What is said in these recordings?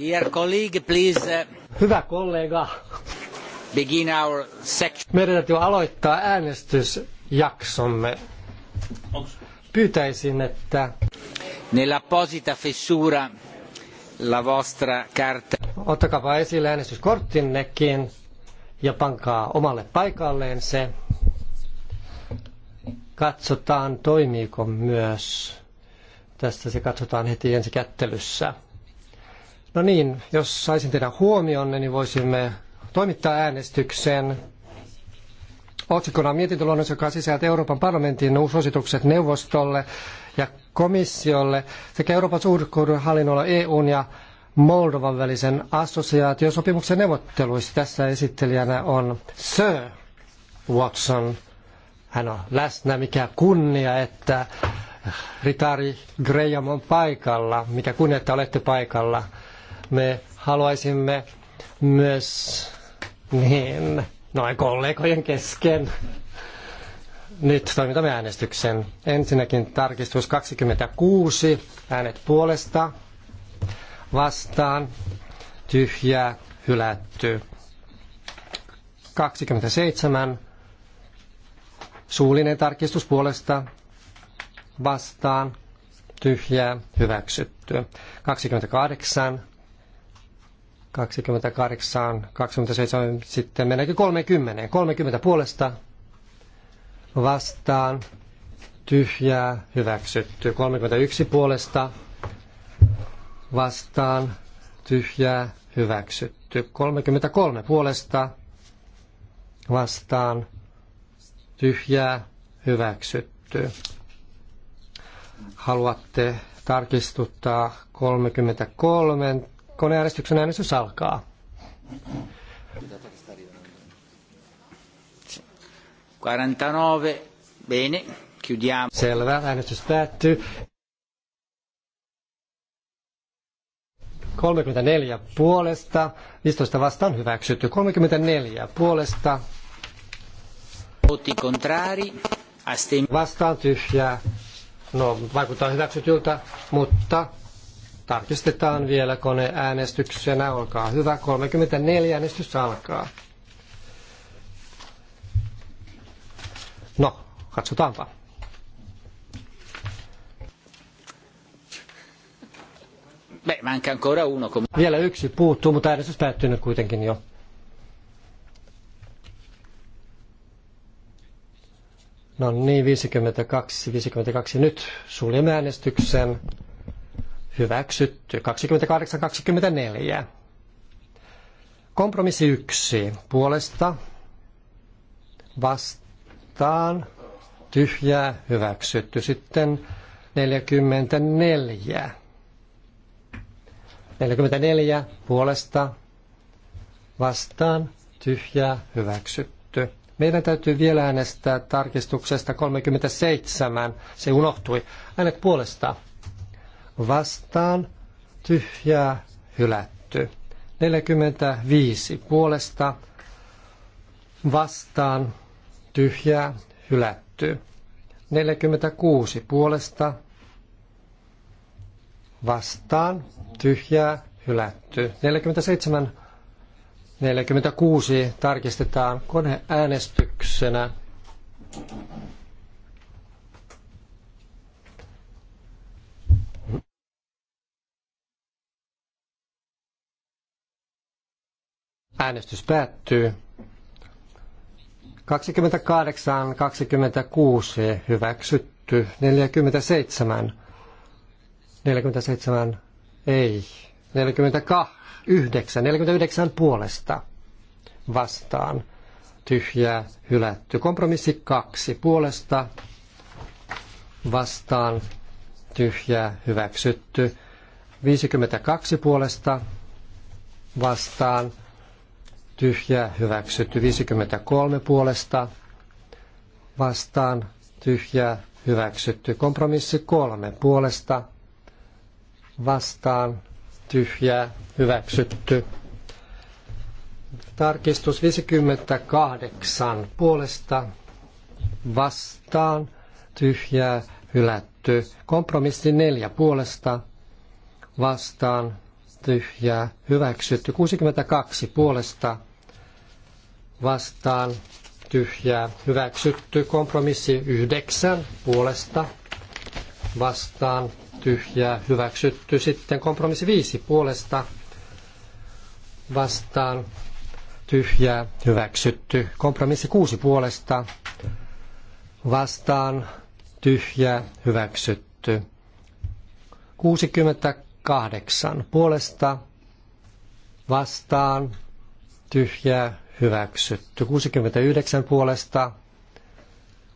Dear colleague, please. Uh, Hyvä kollega. Begin our section. Meidän täytyy aloittaa äänestysjaksomme. Pyytäisin, että... Nell'apposita fessura la vostra carta. Ottakaa esille äänestyskorttinnekin ja pankaa omalle paikalleen se. Katsotaan, toimiiko myös. Tästä se katsotaan heti ensi kättelyssä. No niin, jos saisin teidän huomionne, niin voisimme toimittaa äänestyksen otsikkona mietintöluonnos, joka sisältää Euroopan parlamentin uusositukset neuvostolle ja komissiolle sekä Euroopan hallinnolla EUn ja Moldovan välisen assosiaatiosopimuksen neuvotteluissa. Tässä esittelijänä on Sir Watson. Hän on läsnä, mikä kunnia, että Ritari Graham on paikalla. Mikä kunnia, että olette paikalla. Me haluaisimme myös niin, noin kollegojen kesken. Nyt toimitamme äänestyksen. Ensinnäkin tarkistus 26, äänet puolesta, vastaan, tyhjää, hylätty. 27, suullinen tarkistus puolesta, vastaan, tyhjää, hyväksytty. 28, 28, 27, sitten mennäänkin 30. 30 puolesta vastaan, tyhjää, hyväksytty. 31 puolesta vastaan, tyhjää, hyväksytty. 33 puolesta vastaan, tyhjää, hyväksytty. Haluatte tarkistuttaa 33 Koneäänestyksen äänestys alkaa. Selvä. Äänestys päättyy. 34 puolesta, 15 vastaan hyväksytty, 34 puolesta. Voti contrari, Vastaan tyhjää. No, vaikuttaa hyväksytyltä, mutta Tarkistetaan vielä kone äänestyksenä. Olkaa hyvä. 34 äänestys alkaa. No, katsotaanpa. Beh, manca ancora uno. Vielä yksi puuttuu, mutta äänestys päättyy nyt kuitenkin jo. No niin, 52, 52. Nyt suljemme äänestyksen hyväksytty 28-24. Kompromissi 1 puolesta vastaan tyhjää hyväksytty. Sitten 44. 44 puolesta vastaan tyhjää hyväksytty. Meidän täytyy vielä äänestää tarkistuksesta 37. Se unohtui. Äänet puolesta vastaan, tyhjää, hylätty. 45 puolesta vastaan, tyhjää, hylätty. 46 puolesta vastaan, tyhjää, hylätty. 47, 46 tarkistetaan koneäänestyksenä. Äänestys päättyy. 28, 26 hyväksytty, 47, 47 ei, 49, 49 puolesta vastaan, tyhjää hylätty. Kompromissi 2 puolesta vastaan, tyhjää hyväksytty. 52 puolesta vastaan, tyhjää hyväksytty 53 puolesta vastaan tyhjää hyväksytty kompromissi 3 puolesta vastaan tyhjää hyväksytty tarkistus 58 puolesta vastaan tyhjää hylätty kompromissi 4 puolesta vastaan tyhjää hyväksytty 62 puolesta vastaan tyhjää hyväksytty. Kompromissi yhdeksän puolesta vastaan tyhjää hyväksytty. Sitten kompromissi viisi puolesta vastaan tyhjää hyväksytty. Kompromissi kuusi puolesta vastaan tyhjää hyväksytty. 68 puolesta vastaan tyhjää hyväksytty. 69 puolesta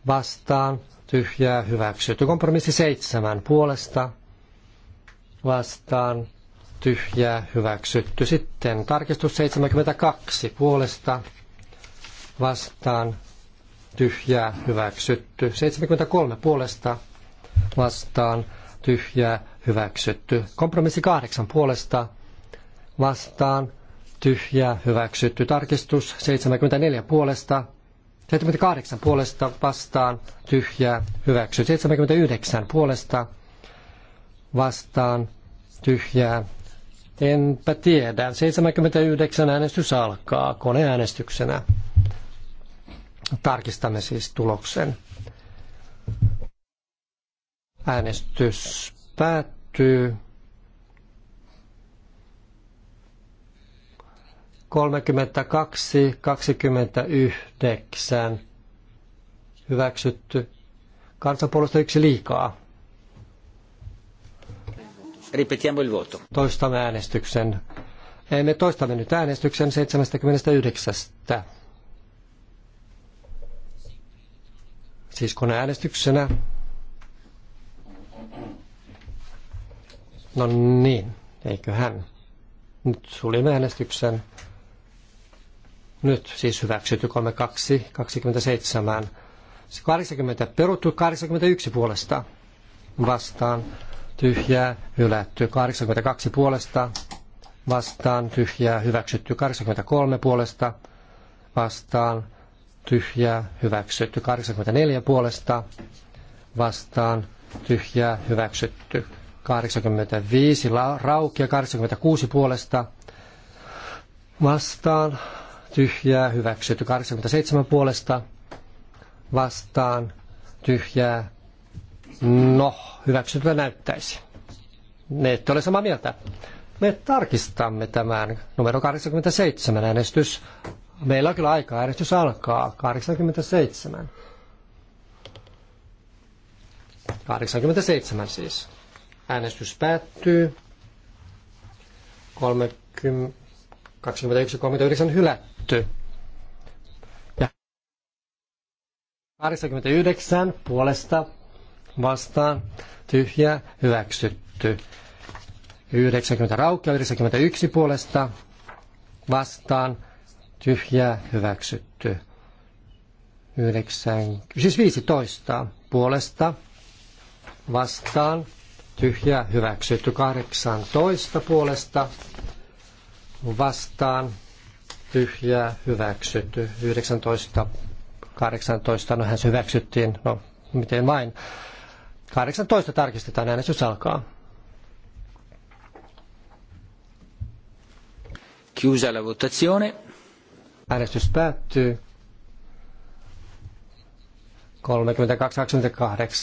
vastaan tyhjää hyväksytty. Kompromissi 7 puolesta vastaan tyhjää hyväksytty. Sitten tarkistus 72 puolesta vastaan tyhjää hyväksytty. 73 puolesta vastaan tyhjää hyväksytty. Kompromissi 8 puolesta vastaan tyhjä hyväksytty. Tarkistus 74 puolesta, 78 puolesta vastaan tyhjää hyväksytty. 79 puolesta vastaan tyhjää. Enpä tiedä. 79 äänestys alkaa koneäänestyksenä. Tarkistamme siis tuloksen. Äänestys päättyy. 32, 29 hyväksytty. Kansanpuolesta yksi liikaa. Ripetiamo il voto. Toistamme äänestyksen. Me toistamme nyt äänestyksen 79. Siis kun äänestyksenä. No niin, eiköhän. Nyt suljemme äänestyksen nyt siis hyväksytty 32, 27, 80 peruttu 81 puolesta vastaan tyhjää hylätty 82 puolesta vastaan tyhjää hyväksytty 83 puolesta vastaan tyhjää hyväksytty 84 puolesta vastaan tyhjää hyväksytty 85 raukia 86 puolesta vastaan tyhjää, hyväksytty 87 puolesta vastaan, tyhjää, no, hyväksytyltä näyttäisi. Ne ette ole samaa mieltä. Me tarkistamme tämän numero 87 äänestys. Meillä on kyllä aikaa, äänestys alkaa 87. 87 siis. Äänestys päättyy. 30, 21.39 hylätty. Ja 89 puolesta vastaan tyhjä hyväksytty. 90 raukea 91 puolesta vastaan tyhjä hyväksytty. 9, siis 15 puolesta vastaan tyhjä hyväksytty. 18 puolesta vastaan tyhjää hyväksytty. 19, 18, no hän se hyväksyttiin, no miten vain. 18 tarkistetaan, äänestys alkaa. Chiusa la votazione. Äänestys päättyy.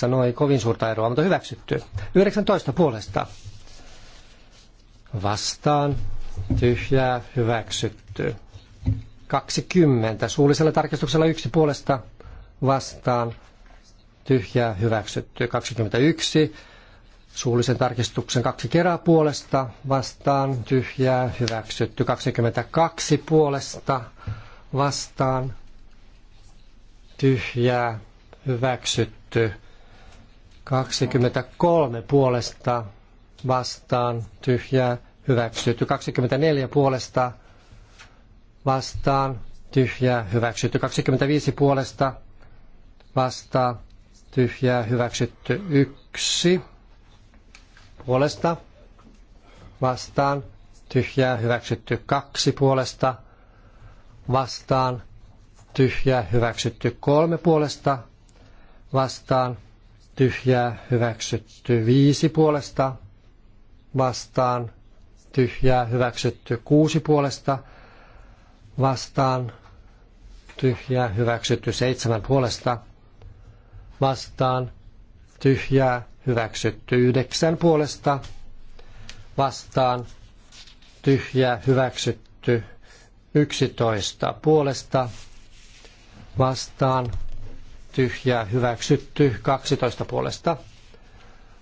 32-28, no ei kovin suurta eroa, mutta hyväksytty. 19 puolesta vastaan tyhjää hyväksytty. 20 suullisella tarkistuksella yksi puolesta vastaan tyhjää hyväksytty. 21 suullisen tarkistuksen kaksi kerää puolesta vastaan tyhjää hyväksytty. 22 puolesta vastaan tyhjää hyväksytty. 23 puolesta vastaan tyhjää hyväksytty. 24 puolesta vastaan tyhjää hyväksytty. 25 puolesta vastaan tyhjää hyväksytty. 1 puolesta vastaan tyhjää hyväksytty. 2 puolesta vastaan tyhjää hyväksytty. 3 puolesta vastaan tyhjää hyväksytty. 5 puolesta vastaan tyhjää hyväksytty. Kuusi puolesta vastaan tyhjää hyväksytty. Seitsemän puolesta vastaan tyhjää hyväksytty. Yhdeksän puolesta vastaan tyhjää hyväksytty. Yksitoista puolesta vastaan tyhjää hyväksytty. Kaksitoista puolesta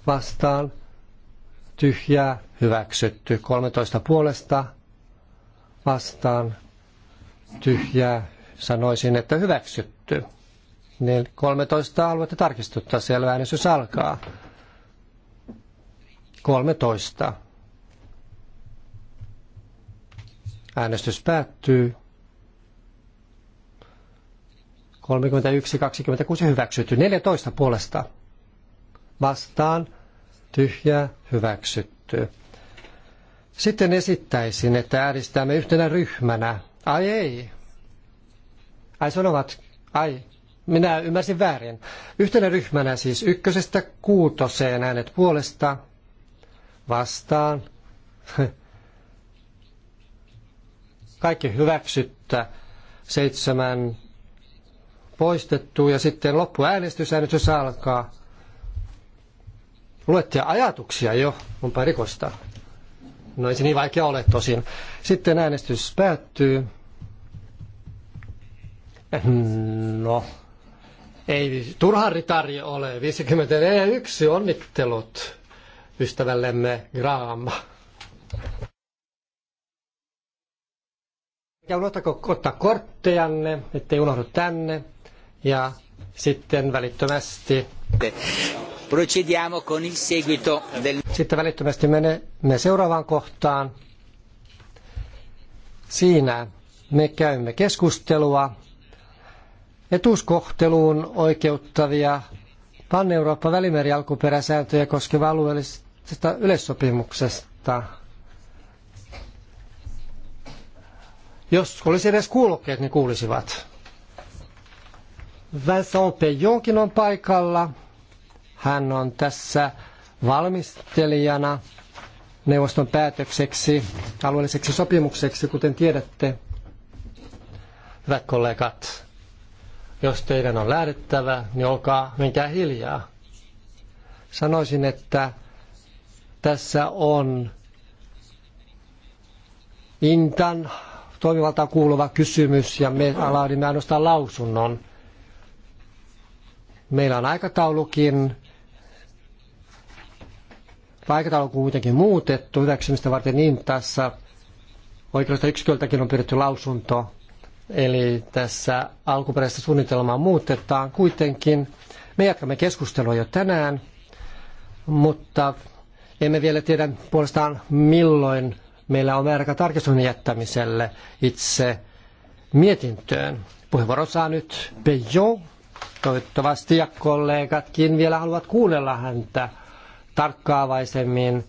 vastaan tyhjää hyväksytty. 13 puolesta vastaan tyhjää sanoisin, että hyväksytty. Niin 13 aluetta tarkistuttaa, selvä äänestys alkaa. 13. Äänestys päättyy. 31, 26 hyväksytty. 14 puolesta vastaan tyhjää hyväksytty. Sitten esittäisin, että äänestämme yhtenä ryhmänä. Ai ei. Ai sanovat, ai, minä ymmärsin väärin. Yhtenä ryhmänä siis ykkösestä kuutoseen äänet puolesta vastaan. Kaikki hyväksyttä. Seitsemän poistettu ja sitten loppuäänestys, äänestys alkaa luette ajatuksia jo, onpa rikosta. No ei se niin vaikea ole tosin. Sitten äänestys päättyy. No, ei turhan ritari ole. 51 onnittelut ystävällemme Graama. Ja unohtako ottaa korttejanne, ettei unohdu tänne. Ja sitten välittömästi. Procediamo con il seguito del... Sitten välittömästi menemme seuraavaan kohtaan. Siinä me käymme keskustelua etuuskohteluun oikeuttavia Pan-Eurooppa välimeri alkuperäsääntöjä koskeva alueellisesta yleissopimuksesta. Jos olisi edes kuulokkeet, niin kuulisivat. Vincent Pejonkin on paikalla. Hän on tässä valmistelijana neuvoston päätökseksi, alueelliseksi sopimukseksi, kuten tiedätte. Hyvät kollegat, jos teidän on lähdettävä, niin olkaa, menkää hiljaa. Sanoisin, että tässä on Intan toimivaltaan kuuluva kysymys ja me laadimme ainoastaan lausunnon. Meillä on aikataulukin Aikataulu on kuitenkin muutettu hyväksymistä varten niin tässä oikeudesta yksiköltäkin on pyydetty lausunto. Eli tässä alkuperäistä suunnitelmaa muutetaan kuitenkin. Me jatkamme keskustelua jo tänään, mutta emme vielä tiedä puolestaan milloin meillä on määräkä tarkistuksen jättämiselle itse mietintöön. Puheenvuoro saa nyt Pejo. Toivottavasti ja kollegatkin vielä haluavat kuunnella häntä tarkkaavaisemmin,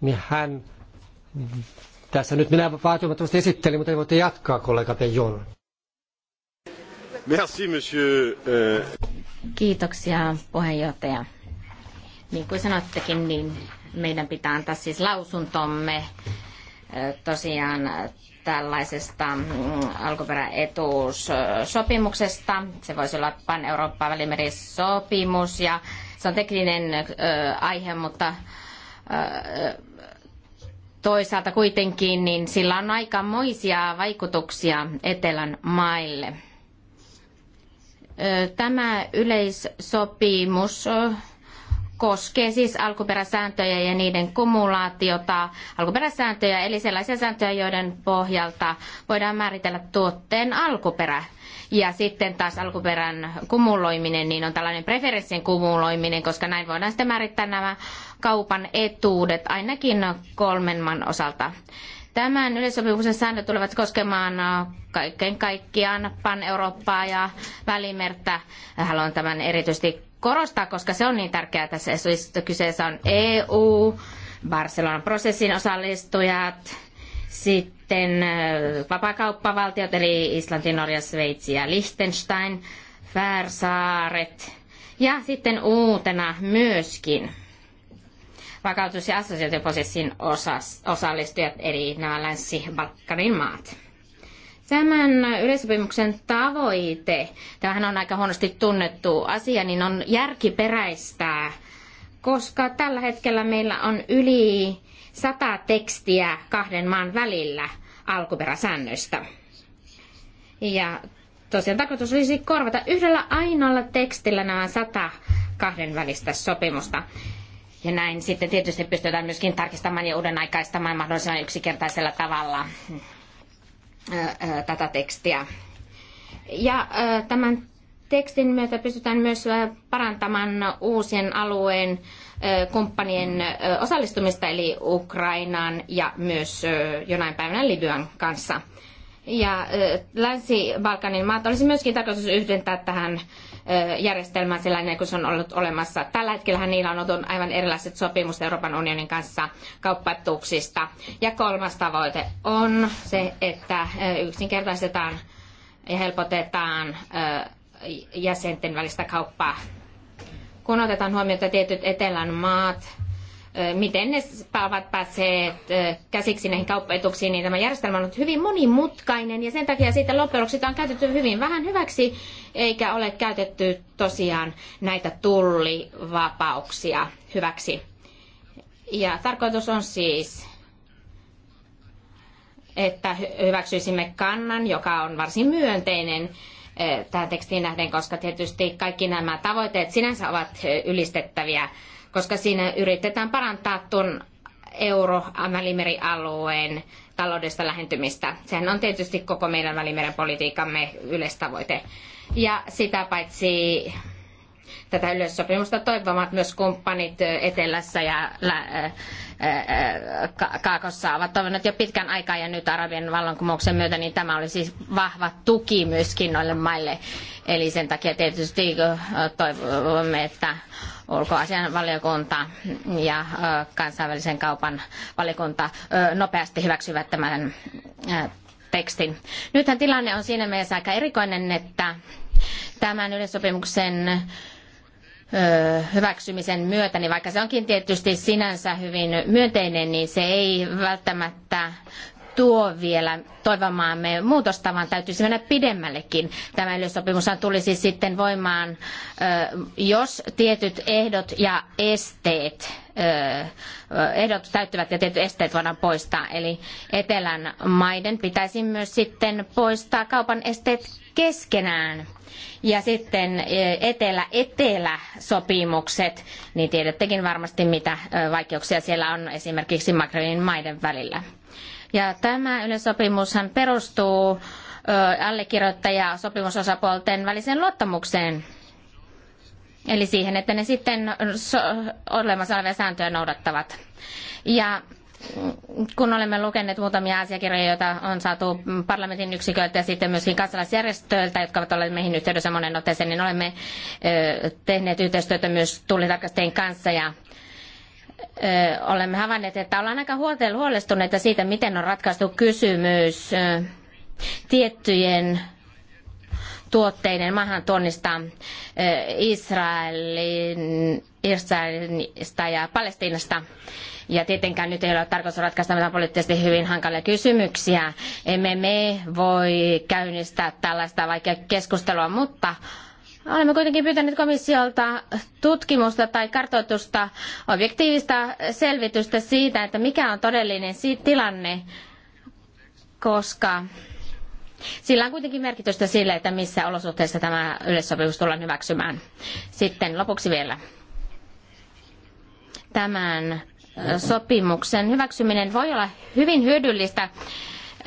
niin hän tässä nyt minä vaatimattomasti esittelin, mutta voitte jatkaa kollega Pejon. Merci, monsieur. Euh. Kiitoksia puheenjohtaja. Niin kuin sanottekin, niin meidän pitää antaa siis lausuntomme tosiaan tällaisesta mm, alkuperäetuussopimuksesta. Se voisi olla pan-Eurooppa välimerisopimus ja se on tekninen aihe, mutta toisaalta kuitenkin niin sillä on aikamoisia vaikutuksia etelän maille. Tämä yleissopimus koskee siis alkuperäsääntöjä ja niiden kumulaatiota, alkuperäsääntöjä, eli sellaisia sääntöjä, joiden pohjalta voidaan määritellä tuotteen alkuperä. Ja sitten taas alkuperän kumuloiminen, niin on tällainen preferenssin kumuloiminen, koska näin voidaan sitten määrittää nämä kaupan etuudet ainakin kolmenman osalta. Tämän yleissopimuksen säännöt tulevat koskemaan kaiken kaikkiaan Pan-Eurooppaa ja Välimertä. Haluan tämän erityisesti korostaa, koska se on niin tärkeää tässä että Kyseessä on EU, Barcelonan prosessin osallistujat, sitten vapakauppavaltiot, eli Islanti, Norja, Sveitsi ja Liechtenstein, Färsaaret ja sitten uutena myöskin vakautus- ja assosiaatioprosessin osallistujat, eli nämä Länsi-Balkanin maat. Tämän yleisopimuksen tavoite, tämähän on aika huonosti tunnettu asia, niin on järkiperäistää, koska tällä hetkellä meillä on yli sata tekstiä kahden maan välillä alkuperäsäännöistä. Ja tosiaan tarkoitus olisi korvata yhdellä ainoalla tekstillä nämä sata kahden välistä sopimusta. Ja näin sitten tietysti pystytään myöskin tarkistamaan ja uuden mahdollisimman yksinkertaisella tavalla tätä tekstiä. Ja tämän tekstin myötä pystytään myös parantamaan uusien alueen kumppanien osallistumista eli Ukrainan ja myös jonain päivänä Libyan kanssa. Ja Länsi-Balkanin maat olisi myöskin tarkoitus yhdentää tähän järjestelmään sellainen kuin se on ollut olemassa. Tällä hetkellä niillä on ollut aivan erilaiset sopimukset Euroopan unionin kanssa kauppatuksista. Ja kolmas tavoite on se, että yksinkertaistetaan ja helpotetaan jäsenten välistä kauppaa. Kun otetaan huomioon, että tietyt etelän maat miten ne ovat päässeet käsiksi näihin kauppaetuksiin, niin tämä järjestelmä on ollut hyvin monimutkainen ja sen takia siitä loppujen lopuksi sitä on käytetty hyvin vähän hyväksi, eikä ole käytetty tosiaan näitä tullivapauksia hyväksi. Ja tarkoitus on siis että hyväksyisimme kannan, joka on varsin myönteinen tähän tekstiin nähden, koska tietysti kaikki nämä tavoitteet sinänsä ovat ylistettäviä koska siinä yritetään parantaa tuon euro-välimerialueen taloudesta lähentymistä. Sehän on tietysti koko meidän välimeren politiikamme yleistavoite. Ja sitä paitsi tätä yleissopimusta toivomat myös kumppanit etelässä ja kaakossa ovat toivoneet jo pitkän aikaa ja nyt Arabian vallankumouksen myötä, niin tämä oli siis vahva tuki myöskin noille maille. Eli sen takia tietysti toivomme, että ulkoasian valiokunta ja kansainvälisen kaupan valiokunta nopeasti hyväksyvät tämän tekstin. Nythän tilanne on siinä mielessä aika erikoinen, että tämän yleissopimuksen hyväksymisen myötä, niin vaikka se onkin tietysti sinänsä hyvin myönteinen, niin se ei välttämättä tuo vielä toivomaamme muutosta, vaan täytyisi mennä pidemmällekin. Tämä yleissopimushan tulisi sitten voimaan, jos tietyt ehdot ja esteet ehdot täyttyvät ja tietyt esteet voidaan poistaa. Eli etelän maiden pitäisi myös sitten poistaa kaupan esteet keskenään. Ja sitten etelä-etelä-sopimukset, niin tiedättekin varmasti mitä vaikeuksia siellä on esimerkiksi Magrebin maiden välillä. Ja tämä yleissopimushan perustuu allekirjoittaja sopimusosapuolten väliseen luottamukseen. Eli siihen, että ne sitten olemassa olevia sääntöjä noudattavat. Ja kun olemme lukeneet muutamia asiakirjoja, joita on saatu parlamentin yksiköiltä ja sitten myöskin kansalaisjärjestöiltä, jotka ovat olleet meihin yhteydessä monen otteeseen, niin olemme tehneet yhteistyötä myös tullitarkastajien kanssa ja olemme havainneet, että ollaan aika huolestuneita siitä, miten on ratkaistu kysymys tiettyjen tuotteiden maahantuonnista Israelin, Israelista ja Palestiinasta. Ja tietenkään nyt ei ole tarkoitus ratkaista mitään poliittisesti hyvin hankalia kysymyksiä. Emme me voi käynnistää tällaista vaikeaa keskustelua, mutta Olemme kuitenkin pyytäneet komissiolta tutkimusta tai kartoitusta, objektiivista selvitystä siitä, että mikä on todellinen tilanne, koska sillä on kuitenkin merkitystä sille, että missä olosuhteissa tämä yleissopimus tullaan hyväksymään. Sitten lopuksi vielä. Tämän sopimuksen hyväksyminen voi olla hyvin hyödyllistä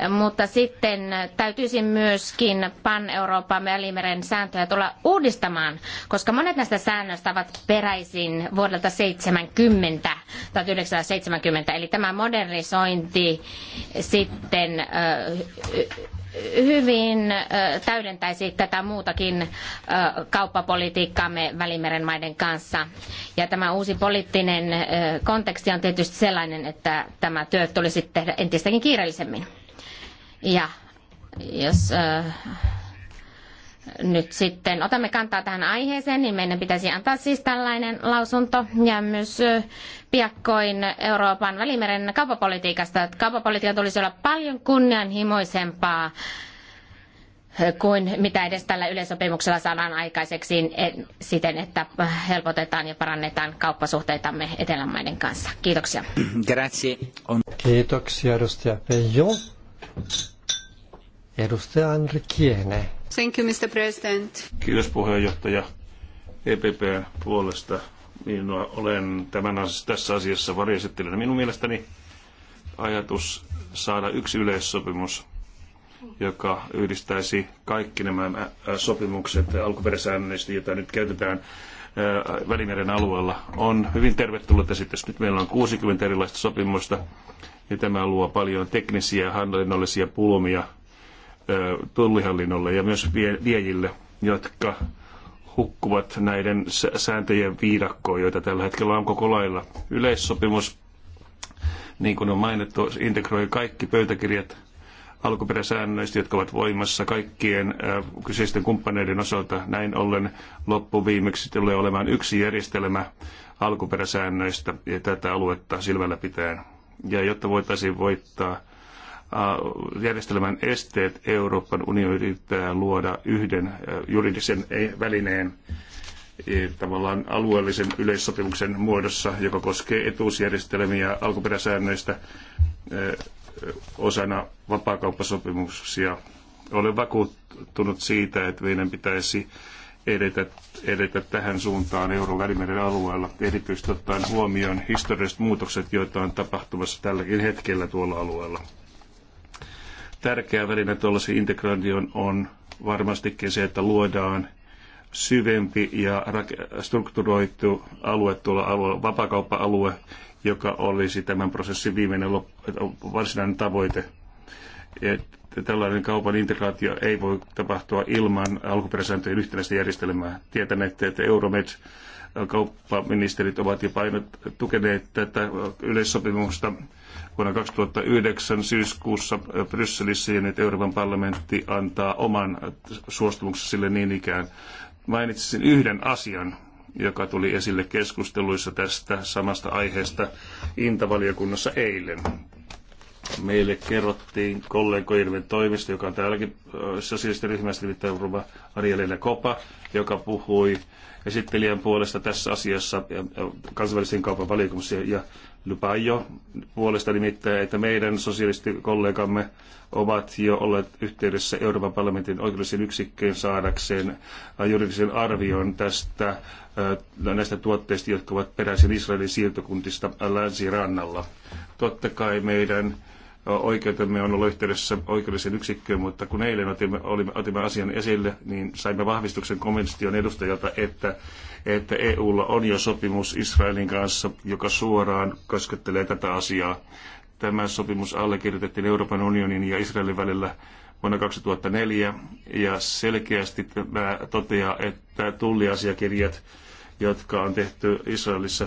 mutta sitten täytyisi myöskin Pan-Euroopan välimeren sääntöjä tulla uudistamaan, koska monet näistä säännöistä ovat peräisin vuodelta 70, 1970, eli tämä modernisointi sitten hyvin täydentäisi tätä muutakin kauppapolitiikkaamme Välimeren maiden kanssa. Ja tämä uusi poliittinen konteksti on tietysti sellainen, että tämä työ tulisi tehdä entistäkin kiireellisemmin. Ja jos äh, nyt sitten otamme kantaa tähän aiheeseen, niin meidän pitäisi antaa siis tällainen lausunto ja myös äh, piakkoin Euroopan välimeren että Kauppapolitiikan tulisi olla paljon kunnianhimoisempaa kuin mitä edes tällä yleisopimuksella saadaan aikaiseksi siten, että helpotetaan ja parannetaan kauppasuhteitamme etelämaiden kanssa. Kiitoksia. Grazie. Kiitoksia edustaja Pejo. Edustaja Andri Kiene. Thank you, Mr. President. Kiitos puheenjohtaja EPP puolesta. Minua niin olen tämän asiassa, tässä asiassa varjoesittelijänä. Minun mielestäni ajatus saada yksi yleissopimus, joka yhdistäisi kaikki nämä sopimukset alkuperäsäännöistä, joita nyt käytetään Välimeren alueella, on hyvin tervetullut esitys. Nyt meillä on 60 erilaista sopimusta ja tämä luo paljon teknisiä ja hallinnollisia pulmia tullihallinnolle ja myös viejille, jotka hukkuvat näiden sääntöjen viidakkoon, joita tällä hetkellä on koko lailla. Yleissopimus, niin kuin on mainittu, integroi kaikki pöytäkirjat alkuperäsäännöistä, jotka ovat voimassa kaikkien kyseisten kumppaneiden osalta. Näin ollen loppuviimeksi tulee olemaan yksi järjestelmä alkuperäsäännöistä ja tätä aluetta silmällä pitäen ja jotta voitaisiin voittaa järjestelmän esteet, Euroopan unioni yrittää luoda yhden juridisen välineen e, tavallaan alueellisen yleissopimuksen muodossa, joka koskee etuusjärjestelmiä alkuperäsäännöistä osana vapaakauppasopimuksia. Olen vakuuttunut siitä, että meidän pitäisi edetä, edetä tähän suuntaan Euron välimeren alueella, erityisesti ottaen huomioon historialliset muutokset, joita on tapahtumassa tälläkin hetkellä tuolla alueella. Tärkeä väline tuollaisen integraation on varmastikin se, että luodaan syvempi ja strukturoitu alue tuolla alueella, vapakauppa-alue, joka olisi tämän prosessin viimeinen lop- varsinainen tavoite – että tällainen kaupan integraatio ei voi tapahtua ilman alkuperäisääntöjen yhtenäistä järjestelmää. Tietäneet, että Euromed kauppaministerit ovat jo painot, tukeneet tätä yleissopimusta vuonna 2009 syyskuussa Brysselissä ja nyt Euroopan parlamentti antaa oman suostumuksensa sille niin ikään. Mainitsisin yhden asian, joka tuli esille keskusteluissa tästä samasta aiheesta Intavaliokunnassa eilen meille kerrottiin kollegojen toimista, joka on täälläkin sosiaalisten ryhmästä, nimittäin Ruma Arielina Kopa, joka puhui esittelijän puolesta tässä asiassa kansainvälisen kaupan valiokunnassa ja Lupaio puolesta nimittäin, että meidän kollegamme ovat jo olleet yhteydessä Euroopan parlamentin oikeudellisen yksikköön saadakseen juridisen arvion tästä, no, näistä tuotteista, jotka ovat peräisin Israelin siirtokuntista länsirannalla. Totta kai meidän oikeutemme on ollut yhteydessä oikeudelliseen yksikköön, mutta kun eilen otimme, olimme, otimme asian esille, niin saimme vahvistuksen komission edustajalta, että, että EUlla on jo sopimus Israelin kanssa, joka suoraan koskettelee tätä asiaa. Tämä sopimus allekirjoitettiin Euroopan unionin ja Israelin välillä vuonna 2004 ja selkeästi tämä toteaa, että tulliasiakirjat, jotka on tehty Israelissa,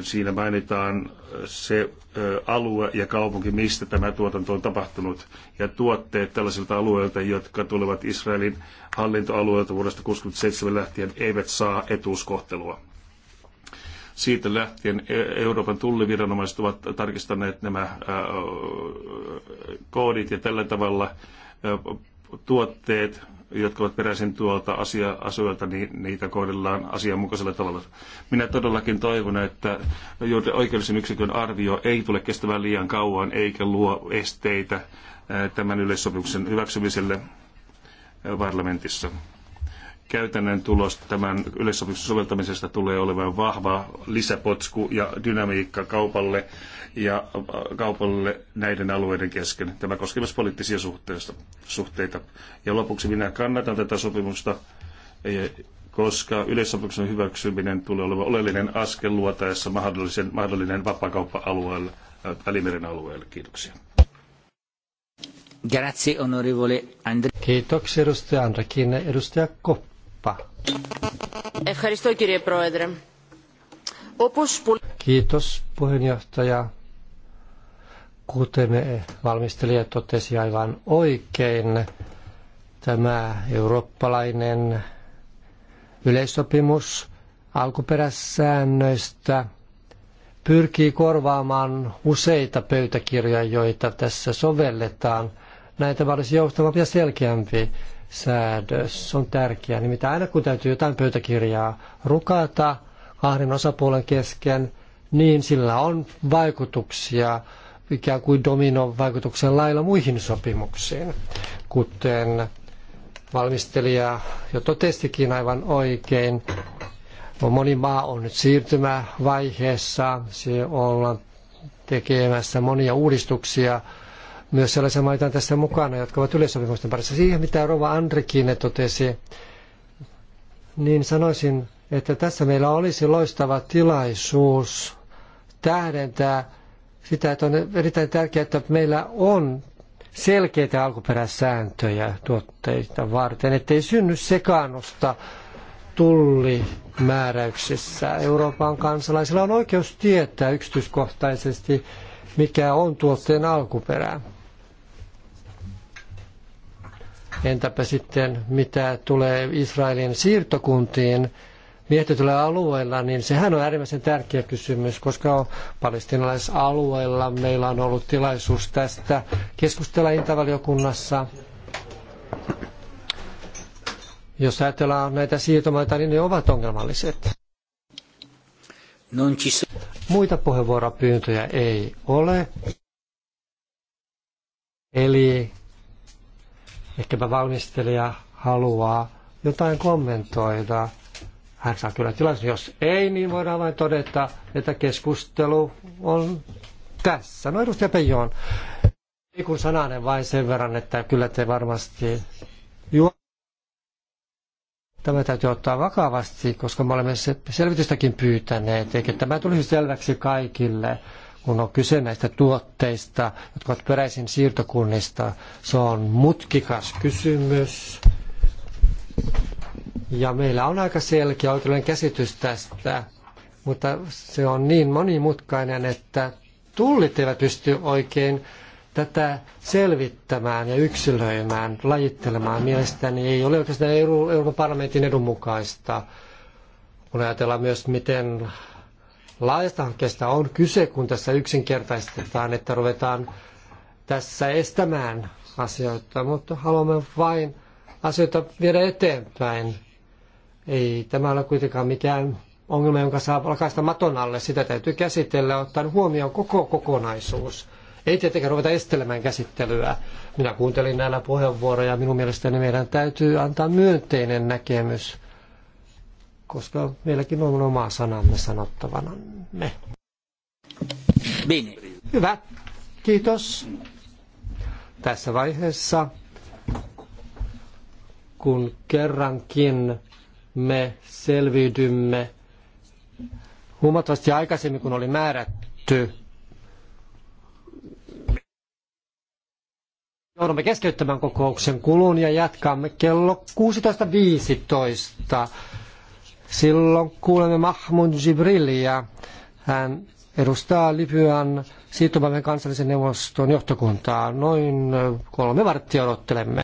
Siinä mainitaan se alue ja kaupunki, mistä tämä tuotanto on tapahtunut, ja tuotteet tällaisilta alueilta, jotka tulevat Israelin hallintoalueelta vuodesta 1967 lähtien, eivät saa etuuskohtelua. Siitä lähtien Euroopan tulliviranomaiset ovat tarkistaneet nämä koodit ja tällä tavalla tuotteet jotka ovat peräisin tuolta asia, asuilta, niin niitä kohdellaan asianmukaisella tavalla. Minä todellakin toivon, että oikeudellisen yksikön arvio ei tule kestämään liian kauan eikä luo esteitä tämän yleissopimuksen hyväksymiselle parlamentissa käytännön tulos tämän yleissopimuksen soveltamisesta tulee olemaan vahva lisäpotsku ja dynamiikka kaupalle ja äh, kaupalle näiden alueiden kesken. Tämä koskee myös poliittisia suhteita. Ja lopuksi minä kannatan tätä sopimusta, eh, koska yleissopimuksen hyväksyminen tulee olemaan oleellinen askel luotaessa mahdollisen, mahdollinen vapaakauppa-alueelle, äh, Välimeren alueelle. Kiitoksia. Grazie onorevole Andre. Kiitoksia edustaja Andrekin. Edustaja Kopp. Koppa. Kiitos puheenjohtaja. Kuten valmistelija totesi aivan oikein, tämä eurooppalainen yleissopimus alkuperäissäännöistä pyrkii korvaamaan useita pöytäkirjoja, joita tässä sovelletaan – Näitä tämä olisi joustavampi ja selkeämpi säädös. Se on tärkeää. Nimittäin aina kun täytyy jotain pöytäkirjaa rukata kahden osapuolen kesken, niin sillä on vaikutuksia ikään kuin domino vaikutuksen lailla muihin sopimuksiin, kuten valmistelija jo totestikin aivan oikein. Moni maa on nyt siirtymävaiheessa, siellä ollaan tekemässä monia uudistuksia myös sellaisia maita on tässä mukana, jotka ovat yleissopimusten parissa. Siihen, mitä Rova Andrikine totesi, niin sanoisin, että tässä meillä olisi loistava tilaisuus tähdentää sitä, että on erittäin tärkeää, että meillä on selkeitä alkuperäsääntöjä tuotteita varten, ettei synny sekaannusta määräyksissä. Euroopan kansalaisilla on oikeus tietää yksityiskohtaisesti, mikä on tuotteen alkuperä. Entäpä sitten mitä tulee Israelin siirtokuntiin mietityllä alueella, niin sehän on äärimmäisen tärkeä kysymys, koska palestinalaisalueella meillä on ollut tilaisuus tästä keskustella intavaliokunnassa. Jos ajatellaan näitä siirtomaita, niin ne ovat ongelmalliset. Muita puheenvuoropyyntöjä ei ole. Eli Ehkäpä valmistelija haluaa jotain kommentoida. Hän saa kyllä tilaisuuden. Jos ei, niin voidaan vain todeta, että keskustelu on tässä. No edustaja Pejoon, ei kun sananen vain sen verran, että kyllä te varmasti juo. Tämä täytyy ottaa vakavasti, koska me olemme selvitystäkin pyytäneet, eikä tämä tulisi selväksi kaikille kun on kyse näistä tuotteista, jotka ovat peräisin siirtokunnista. Se on mutkikas kysymys. Ja meillä on aika selkeä oikeudellinen käsitys tästä, mutta se on niin monimutkainen, että tullit eivät pysty oikein tätä selvittämään ja yksilöimään, lajittelemaan. Mielestäni ei ole oikeastaan Euroopan parlamentin edun mukaista kun ajatellaan myös, miten laajasta hankkeesta on kyse, kun tässä yksinkertaistetaan, että ruvetaan tässä estämään asioita, mutta haluamme vain asioita viedä eteenpäin. Ei tämä ole kuitenkaan mikään ongelma, jonka saa lakaista maton alle. Sitä täytyy käsitellä ottaen huomioon koko kokonaisuus. Ei tietenkään ruveta estelemään käsittelyä. Minä kuuntelin näillä puheenvuoroja. Minun mielestäni meidän täytyy antaa myönteinen näkemys – koska meilläkin on oma sanamme sanottavanamme. Bene. Hyvä. Kiitos. Tässä vaiheessa, kun kerrankin me selviydymme huomattavasti aikaisemmin kun oli määrätty, joudumme keskeyttämään kokouksen kulun ja jatkamme kello 16.15 Silloin kuulemme Mahmoud Jibrilia. Hän edustaa Libyan siirtomaiden kansallisen neuvoston johtokuntaa. Noin kolme varttia odottelemme.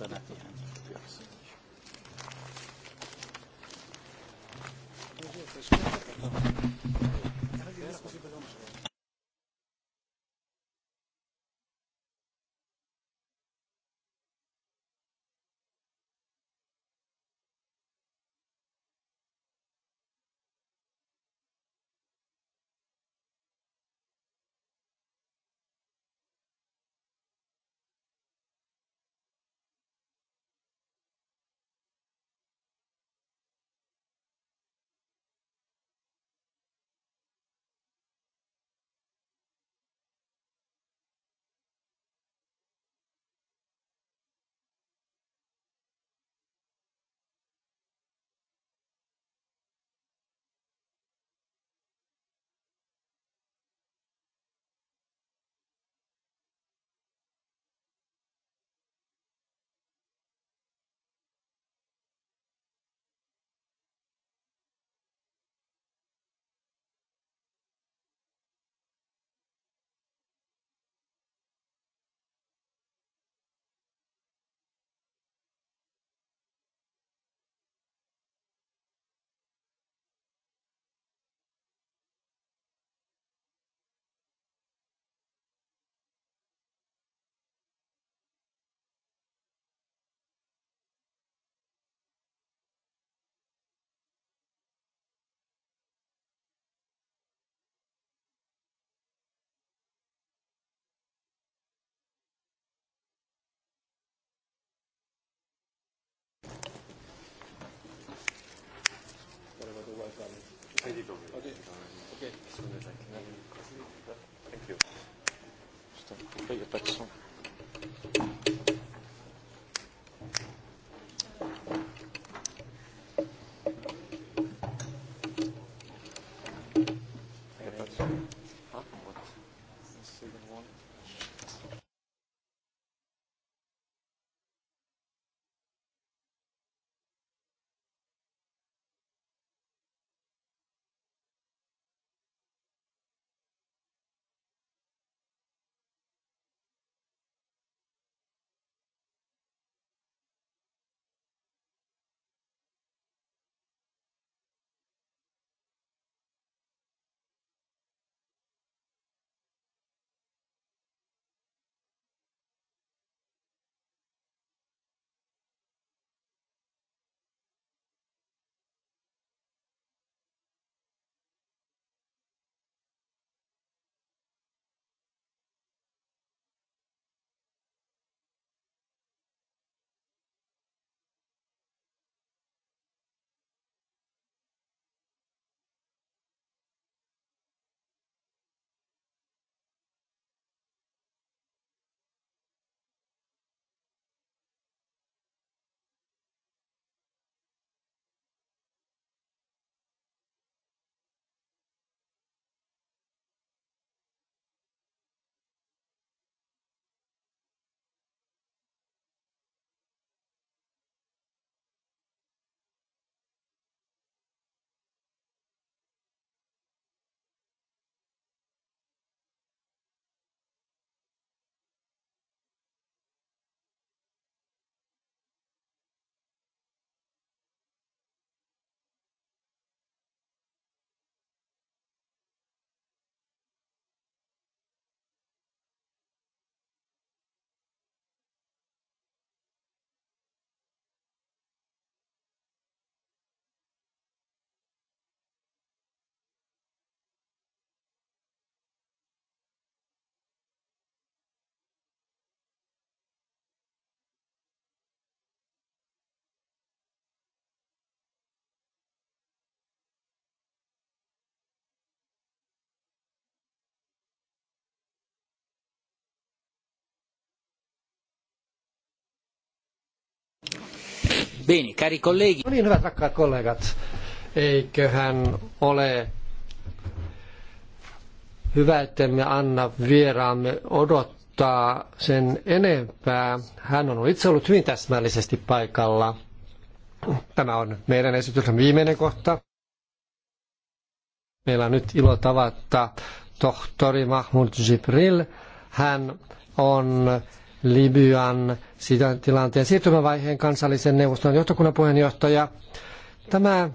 alternativen. Thank you. tak Bene, cari colleghi. No niin, hyvät rakkaat kollegat. Eiköhän ole hyvä, ettemme anna vieraamme odottaa sen enempää. Hän on itse ollut hyvin täsmällisesti paikalla. Tämä on meidän esityksemme viimeinen kohta. Meillä on nyt ilo tavata tohtori Mahmoud Jibril. Hän on Libyan tilanteen siirtymävaiheen kansallisen neuvoston johtokunnan puheenjohtaja. Tämä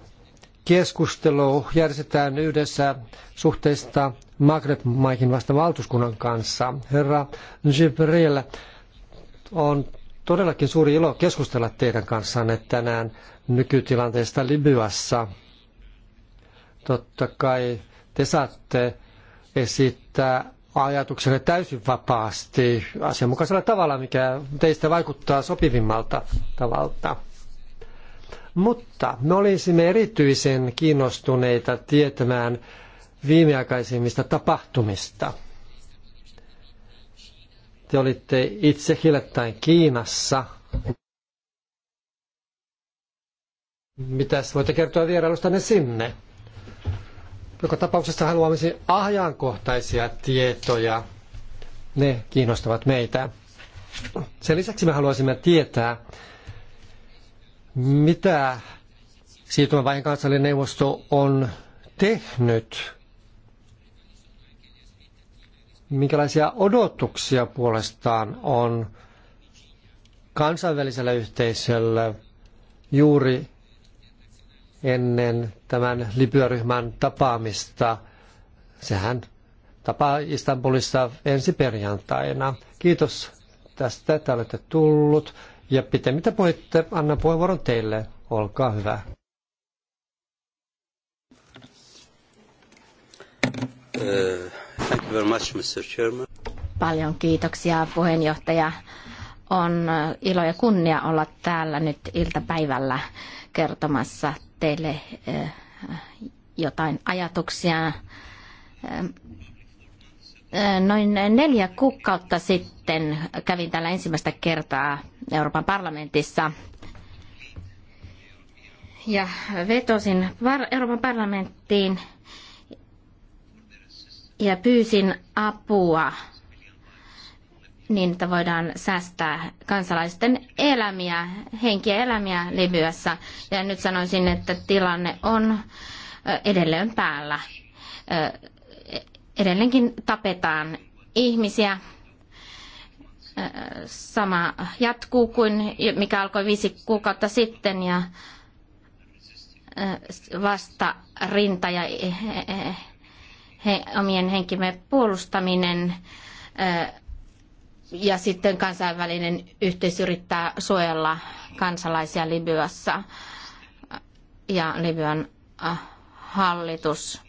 keskustelu järjestetään yhdessä suhteista Maghreb-maihin vasta valtuuskunnan kanssa. Herra Jibril, on todellakin suuri ilo keskustella teidän kanssanne tänään nykytilanteesta Libyassa. Totta kai te saatte esittää ajatukselle täysin vapaasti asianmukaisella tavalla, mikä teistä vaikuttaa sopivimmalta tavalta. Mutta me olisimme erityisen kiinnostuneita tietämään viimeaikaisimmista tapahtumista. Te olitte itse hiljattain Kiinassa. Mitäs voitte kertoa vierailustanne sinne? Joka tapauksessa haluamme ajankohtaisia tietoja. Ne kiinnostavat meitä. Sen lisäksi me haluaisimme tietää, mitä siirtymävaiheen kansallinen neuvosto on tehnyt, minkälaisia odotuksia puolestaan on kansainvälisellä yhteisöllä juuri ennen tämän Libyöryhmän tapaamista. Sehän tapaa Istanbulissa ensi perjantaina. Kiitos tästä, että olette tullut. Ja pitemmittä puhuitte, annan puheenvuoron teille. Olkaa hyvä. Uh, thank you very much, Mr. Chairman. Paljon kiitoksia puheenjohtaja. On ilo ja kunnia olla täällä nyt iltapäivällä kertomassa teille eh, jotain ajatuksia. Eh, noin neljä kuukautta sitten kävin täällä ensimmäistä kertaa Euroopan parlamentissa ja vetosin Euroopan parlamenttiin ja pyysin apua niin että voidaan säästää kansalaisten elämiä, henkiä elämiä Libyassa. Ja nyt sanoisin, että tilanne on edelleen päällä. Edelleenkin tapetaan ihmisiä. Sama jatkuu kuin mikä alkoi viisi kuukautta sitten ja vasta rinta ja he, omien henkimme puolustaminen ja sitten kansainvälinen yhteisö yrittää suojella kansalaisia Libyassa ja Libyan äh, hallitus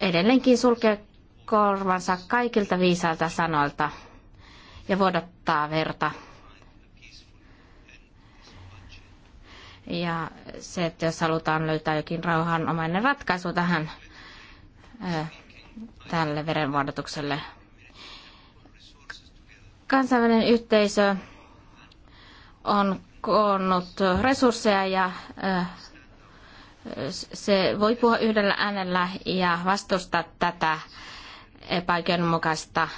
edelleenkin sulkee korvansa kaikilta viisailta sanoilta ja vuodattaa verta. Ja se, että jos halutaan löytää jokin rauhanomainen ratkaisu tähän äh, tälle verenvuodatukselle, Kansainvälinen yhteisö on koonnut resursseja ja se voi puhua yhdellä äänellä ja vastustaa tätä epäoikeudenmukaista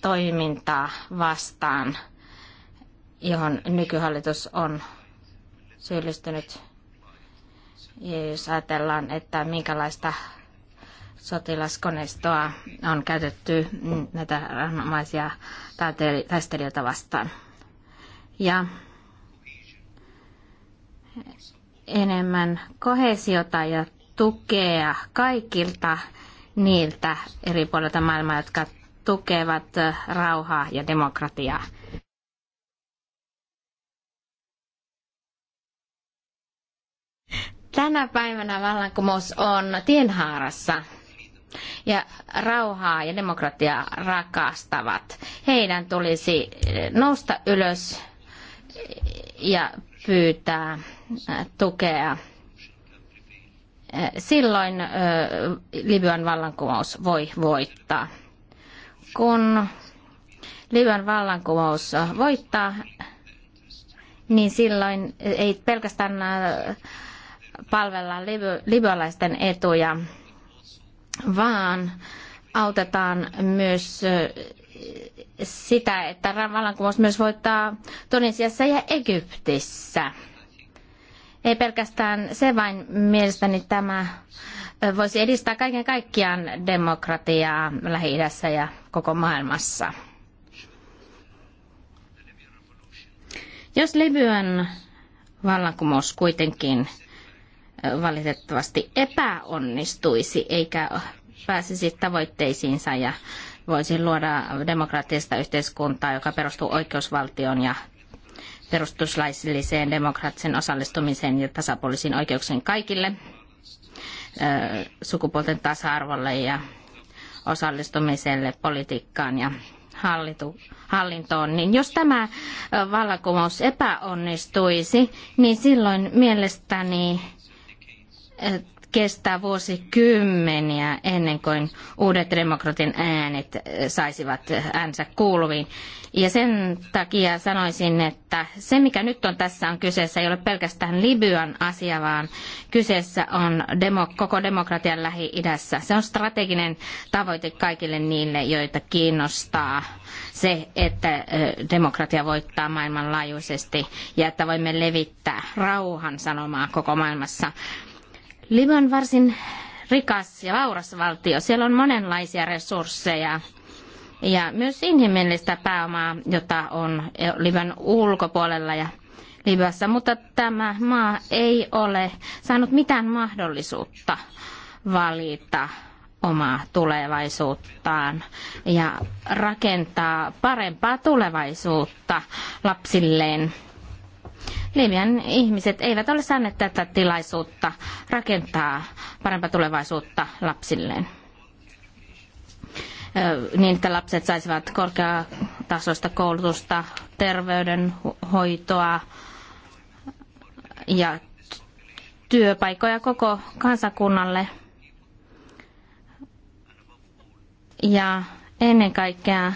toimintaa vastaan, johon nykyhallitus on syyllistynyt. Ja jos ajatellaan, että minkälaista sotilaskoneistoa on käytetty näitä rannomaisia taistelijoita vastaan. Ja enemmän kohesiota ja tukea kaikilta niiltä eri puolilta maailmaa, jotka tukevat rauhaa ja demokratiaa. Tänä päivänä vallankumous on tienhaarassa ja rauhaa ja demokratiaa rakastavat. Heidän tulisi eh, nousta ylös ja pyytää eh, tukea. Eh, silloin Libyan vallankumous voi voittaa. Kun Libyan vallankumous voittaa, niin silloin ei pelkästään palvella libyalaisten etuja, vaan autetaan myös sitä, että vallankumous myös voittaa Tunisiassa ja Egyptissä. Ei pelkästään se vain mielestäni tämä voisi edistää kaiken kaikkiaan demokratiaa lähi ja koko maailmassa. Jos Libyan vallankumous kuitenkin valitettavasti epäonnistuisi eikä pääsisi tavoitteisiinsa ja voisi luoda demokraattista yhteiskuntaa, joka perustuu oikeusvaltioon ja perustuslailliseen demokraattisen osallistumiseen ja tasapuolisiin oikeuksiin kaikille, sukupuolten tasa-arvolle ja osallistumiselle politiikkaan ja hallitu, hallintoon, niin jos tämä vallankumous epäonnistuisi, niin silloin mielestäni kestää vuosikymmeniä ennen kuin uudet demokratin äänet eh, saisivat äänsä kuuluviin. Ja sen takia sanoisin, että se mikä nyt on tässä on kyseessä ei ole pelkästään Libyan asia, vaan kyseessä on demo, koko demokratian lähi-idässä. Se on strateginen tavoite kaikille niille, joita kiinnostaa se, että eh, demokratia voittaa maailmanlaajuisesti ja että voimme levittää rauhan sanomaa koko maailmassa. Libya on varsin rikas ja vauras valtio. Siellä on monenlaisia resursseja ja myös inhimillistä pääomaa, jota on liban ulkopuolella ja Libyassa, mutta tämä maa ei ole saanut mitään mahdollisuutta valita omaa tulevaisuuttaan ja rakentaa parempaa tulevaisuutta lapsilleen Libyan ihmiset eivät ole saaneet tätä tilaisuutta rakentaa parempaa tulevaisuutta lapsilleen niin, että lapset saisivat korkeatasoista koulutusta, terveydenhoitoa ja työpaikkoja koko kansakunnalle. Ja ennen kaikkea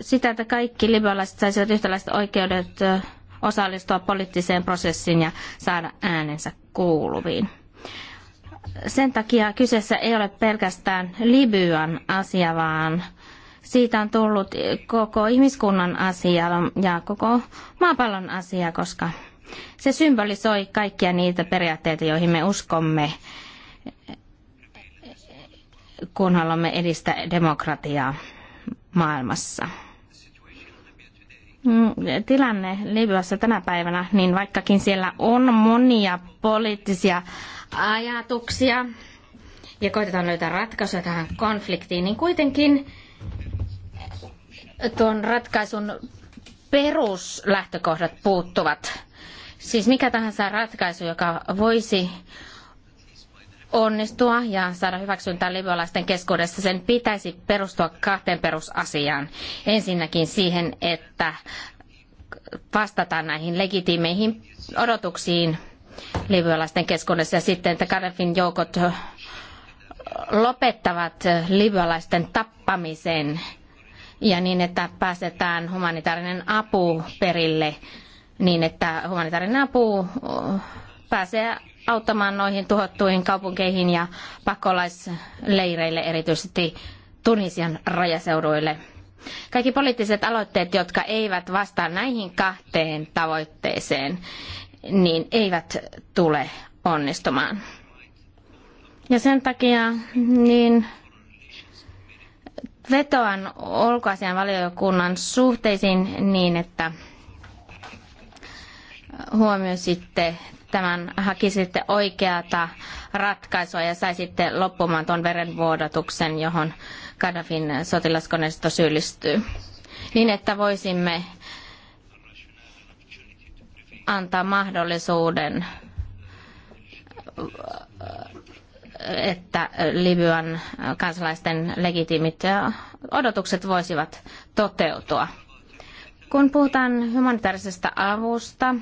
sitä, että kaikki liberaalaiset saisivat yhtäläiset oikeudet osallistua poliittiseen prosessiin ja saada äänensä kuuluviin. Sen takia kyseessä ei ole pelkästään Libyan asia, vaan siitä on tullut koko ihmiskunnan asia ja koko maapallon asia, koska se symbolisoi kaikkia niitä periaatteita, joihin me uskomme, kun haluamme edistää demokratiaa maailmassa. Mm, tilanne Libyassa tänä päivänä, niin vaikkakin siellä on monia poliittisia ajatuksia ja koitetaan löytää ratkaisuja tähän konfliktiin, niin kuitenkin tuon ratkaisun peruslähtökohdat puuttuvat. Siis mikä tahansa ratkaisu, joka voisi onnistua ja saada hyväksyntää libyalaisten keskuudessa, sen pitäisi perustua kahteen perusasiaan. Ensinnäkin siihen, että vastataan näihin legitiimeihin odotuksiin libyalaisten keskuudessa ja sitten, että Gaddafin joukot lopettavat libyalaisten tappamisen ja niin, että päästetään humanitaarinen apu perille niin, että humanitaarinen apu pääsee auttamaan noihin tuhottuihin kaupunkeihin ja pakolaisleireille, erityisesti Tunisian rajaseuduille. Kaikki poliittiset aloitteet, jotka eivät vastaa näihin kahteen tavoitteeseen, niin eivät tule onnistumaan. Ja sen takia niin vetoan ulkoasian valiokunnan suhteisiin niin, että huomioisitte tämän hakisitte oikeata ratkaisua ja saisitte loppumaan tuon verenvuodatuksen, johon Gaddafin sotilaskoneisto syyllistyy. Niin, että voisimme antaa mahdollisuuden, että Libyan kansalaisten legitiimit odotukset voisivat toteutua. Kun puhutaan humanitaarisesta avusta,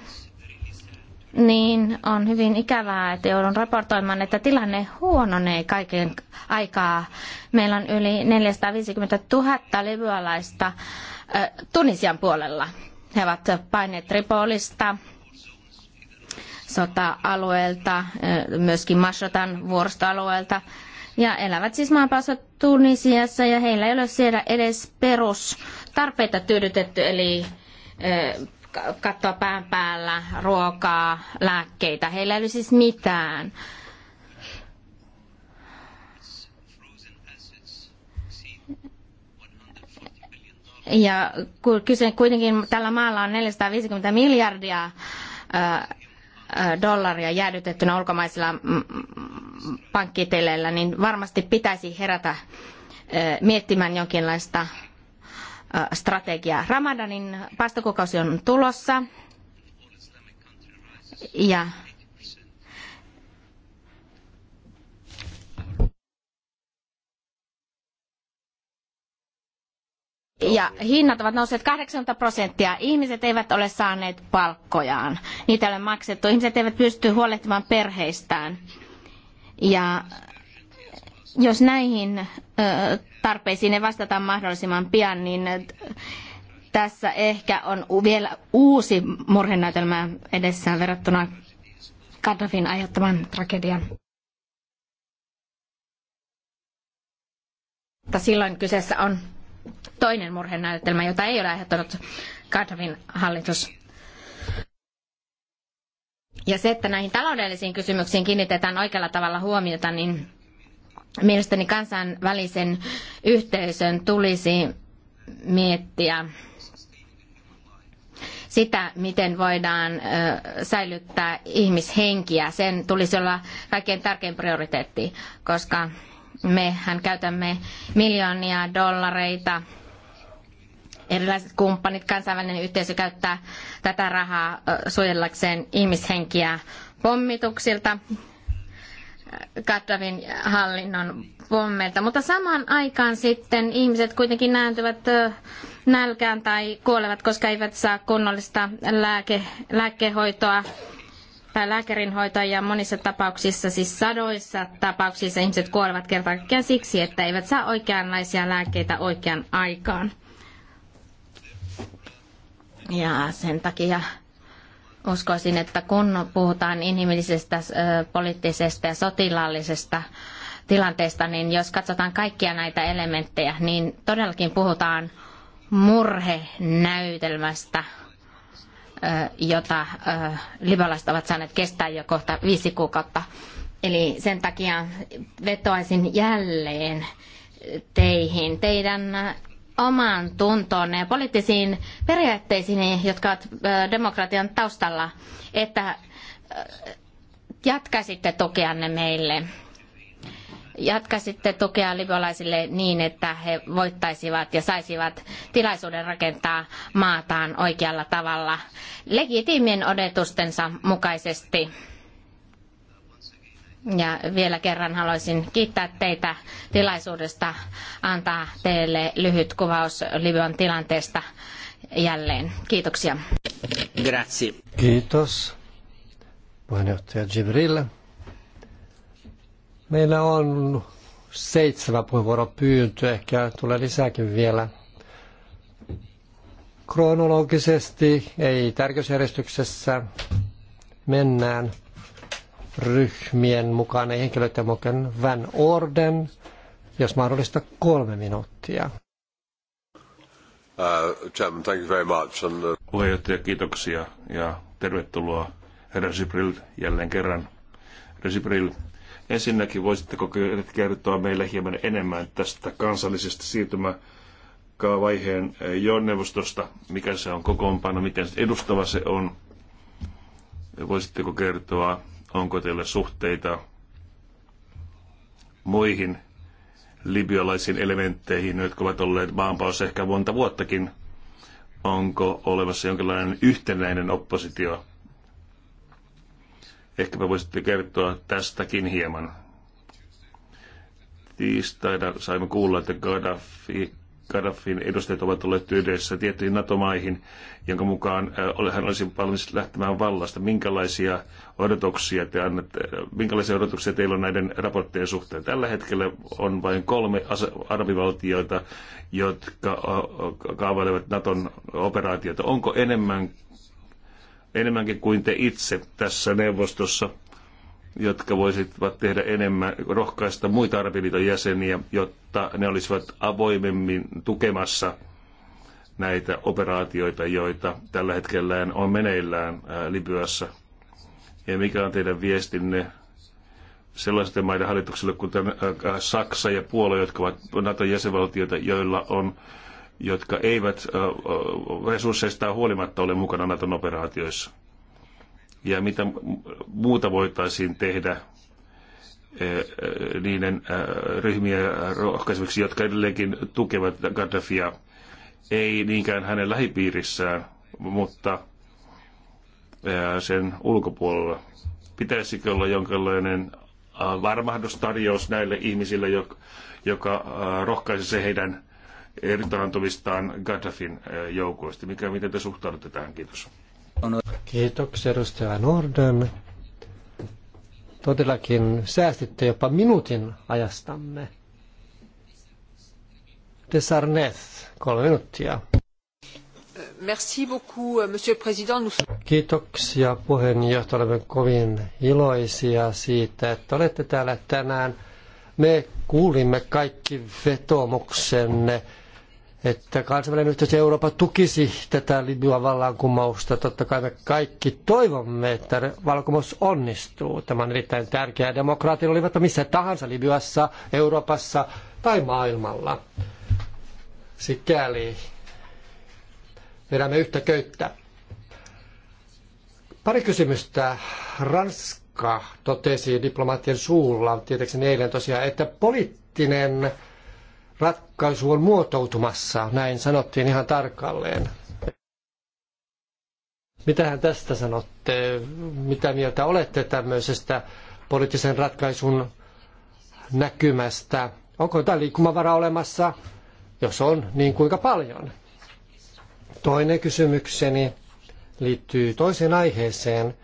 niin on hyvin ikävää, että joudun raportoimaan, että tilanne huononee kaiken aikaa. Meillä on yli 450 000 libyalaista Tunisian puolella. He ovat paineet Tripolista, sota-alueelta, myöskin Mashatan vuoristoalueelta ja elävät siis maanpaossa Tunisiassa ja heillä ei ole siellä edes perustarpeita tyydytetty, eli kattoa pään päällä, ruokaa, lääkkeitä. Heillä ei ole siis mitään. Ja kyse kuitenkin tällä maalla on 450 miljardia dollaria jäädytettynä ulkomaisilla pankkiteleillä, niin varmasti pitäisi herätä miettimään jonkinlaista Strategia Ramadanin pastokukausi on tulossa ja Ja hinnat ovat nousseet 80 prosenttia. Ihmiset eivät ole saaneet palkkojaan. Niitä ei ole maksettu. Ihmiset eivät pysty huolehtimaan perheistään. Ja jos näihin tarpeisiin ei vastata mahdollisimman pian, niin tässä ehkä on vielä uusi murhenäytelmä edessään verrattuna Gaddafin aiheuttamaan tragedian. silloin kyseessä on toinen murhenäytelmä, jota ei ole aiheuttanut Gaddafin hallitus. Ja se, että näihin taloudellisiin kysymyksiin kiinnitetään oikealla tavalla huomiota, niin Mielestäni kansainvälisen yhteisön tulisi miettiä sitä, miten voidaan säilyttää ihmishenkiä. Sen tulisi olla kaikkein tärkein prioriteetti, koska mehän käytämme miljoonia dollareita. Erilaiset kumppanit, kansainvälinen yhteisö käyttää tätä rahaa suojellakseen ihmishenkiä pommituksilta Gaddafin hallinnon pommeilta. Mutta samaan aikaan sitten ihmiset kuitenkin nääntyvät nälkään tai kuolevat, koska eivät saa kunnollista lääke, lääkehoitoa tai lääkärinhoitoa ja monissa tapauksissa, siis sadoissa tapauksissa ihmiset kuolevat kerta kaikkiaan siksi, että eivät saa oikeanlaisia lääkkeitä oikeaan aikaan. Ja sen takia uskoisin, että kun puhutaan inhimillisestä, poliittisesta ja sotilaallisesta tilanteesta, niin jos katsotaan kaikkia näitä elementtejä, niin todellakin puhutaan murhenäytelmästä, jota liberaalaiset ovat saaneet kestää jo kohta viisi kuukautta. Eli sen takia vetoaisin jälleen teihin. Teidän omaan tuntoon ja poliittisiin periaatteisiin, jotka ovat demokratian taustalla, että jatkaisitte tukeanne meille. Jatkaisitte tukea libyalaisille niin, että he voittaisivat ja saisivat tilaisuuden rakentaa maataan oikealla tavalla legitiimien odotustensa mukaisesti ja vielä kerran haluaisin kiittää teitä tilaisuudesta antaa teille lyhyt kuvaus Libyan tilanteesta jälleen. Kiitoksia. Grazie. Kiitos. Puheenjohtaja Jibril. Meillä on seitsemän puheenvuoropyyntö, ehkä tulee lisääkin vielä. Kronologisesti, ei tärkeysjärjestyksessä, mennään ryhmien mukana henkilöiden mukaan Van Orden, jos mahdollista kolme minuuttia. Uh, Chairman, thank you very much. And, uh... Puheenjohtaja, kiitoksia ja tervetuloa herra Sibril jälleen kerran. Resipril. Sibril, ensinnäkin voisitteko kertoa meille hieman enemmän tästä kansallisesta siirtymä vaiheen eh, jo neuvostosta, mikä se on kokoonpano, miten edustava se on. Voisitteko kertoa Onko teillä suhteita muihin libyalaisiin elementteihin, jotka ovat olleet maanpaossa ehkä monta vuottakin? Onko olemassa jonkinlainen yhtenäinen oppositio? Ehkäpä voisitte kertoa tästäkin hieman tiistaina saimme kuulla, että Gaddafi Gaddafin edustajat ovat olleet yhdessä tiettyihin NATO-maihin, jonka mukaan hän olisi valmis lähtemään vallasta. Minkälaisia odotuksia, te annatte, minkälaisia odotuksia teillä on näiden raporttien suhteen? Tällä hetkellä on vain kolme arvivaltioita, jotka kaavailevat Naton operaatiota. Onko enemmän, enemmänkin kuin te itse tässä neuvostossa? jotka voisivat tehdä enemmän, rohkaista muita Arabiliiton jäseniä, jotta ne olisivat avoimemmin tukemassa näitä operaatioita, joita tällä hetkellä on meneillään Libyassa. Ja mikä on teidän viestinne sellaisten maiden hallituksille kuin Saksa ja Puola, jotka ovat nato jäsenvaltioita, joilla on, jotka eivät resursseistaan huolimatta ole mukana Naton operaatioissa? ja mitä muuta voitaisiin tehdä niiden ryhmiä rohkaisemiseksi, jotka edelleenkin tukevat Gaddafia, ei niinkään hänen lähipiirissään, mutta sen ulkopuolella. Pitäisikö olla jonkinlainen varmahdustarjous näille ihmisille, joka rohkaisisi heidän irtaantumistaan Gaddafin joukoista? Mikä, miten te suhtaudutte tähän? Kiitos. Kiitoksia edustaja Norden. Todellakin säästitte jopa minuutin ajastamme. Desarnes, kolme minuuttia. Merci beaucoup, euh, monsieur le président. Kiitoksia puheenjohtaja. Olemme kovin iloisia siitä, että olette täällä tänään. Me kuulimme kaikki vetomuksenne että kansainvälinen yhteisö Eurooppa tukisi tätä Libyan vallankumousta. Totta kai me kaikki toivomme, että vallankumous onnistuu. Tämä on erittäin tärkeää. Demokraatit olivat missä tahansa Libyassa, Euroopassa tai maailmalla. Sikäli vedämme yhtä köyttä. Pari kysymystä. Ranska totesi diplomaattien suulla, tietenkin eilen tosiaan, että poliittinen ratkaisu on muotoutumassa, näin sanottiin ihan tarkalleen. Mitähän tästä sanotte? Mitä mieltä olette tämmöisestä poliittisen ratkaisun näkymästä? Onko jotain liikkumavara olemassa? Jos on, niin kuinka paljon? Toinen kysymykseni liittyy toiseen aiheeseen.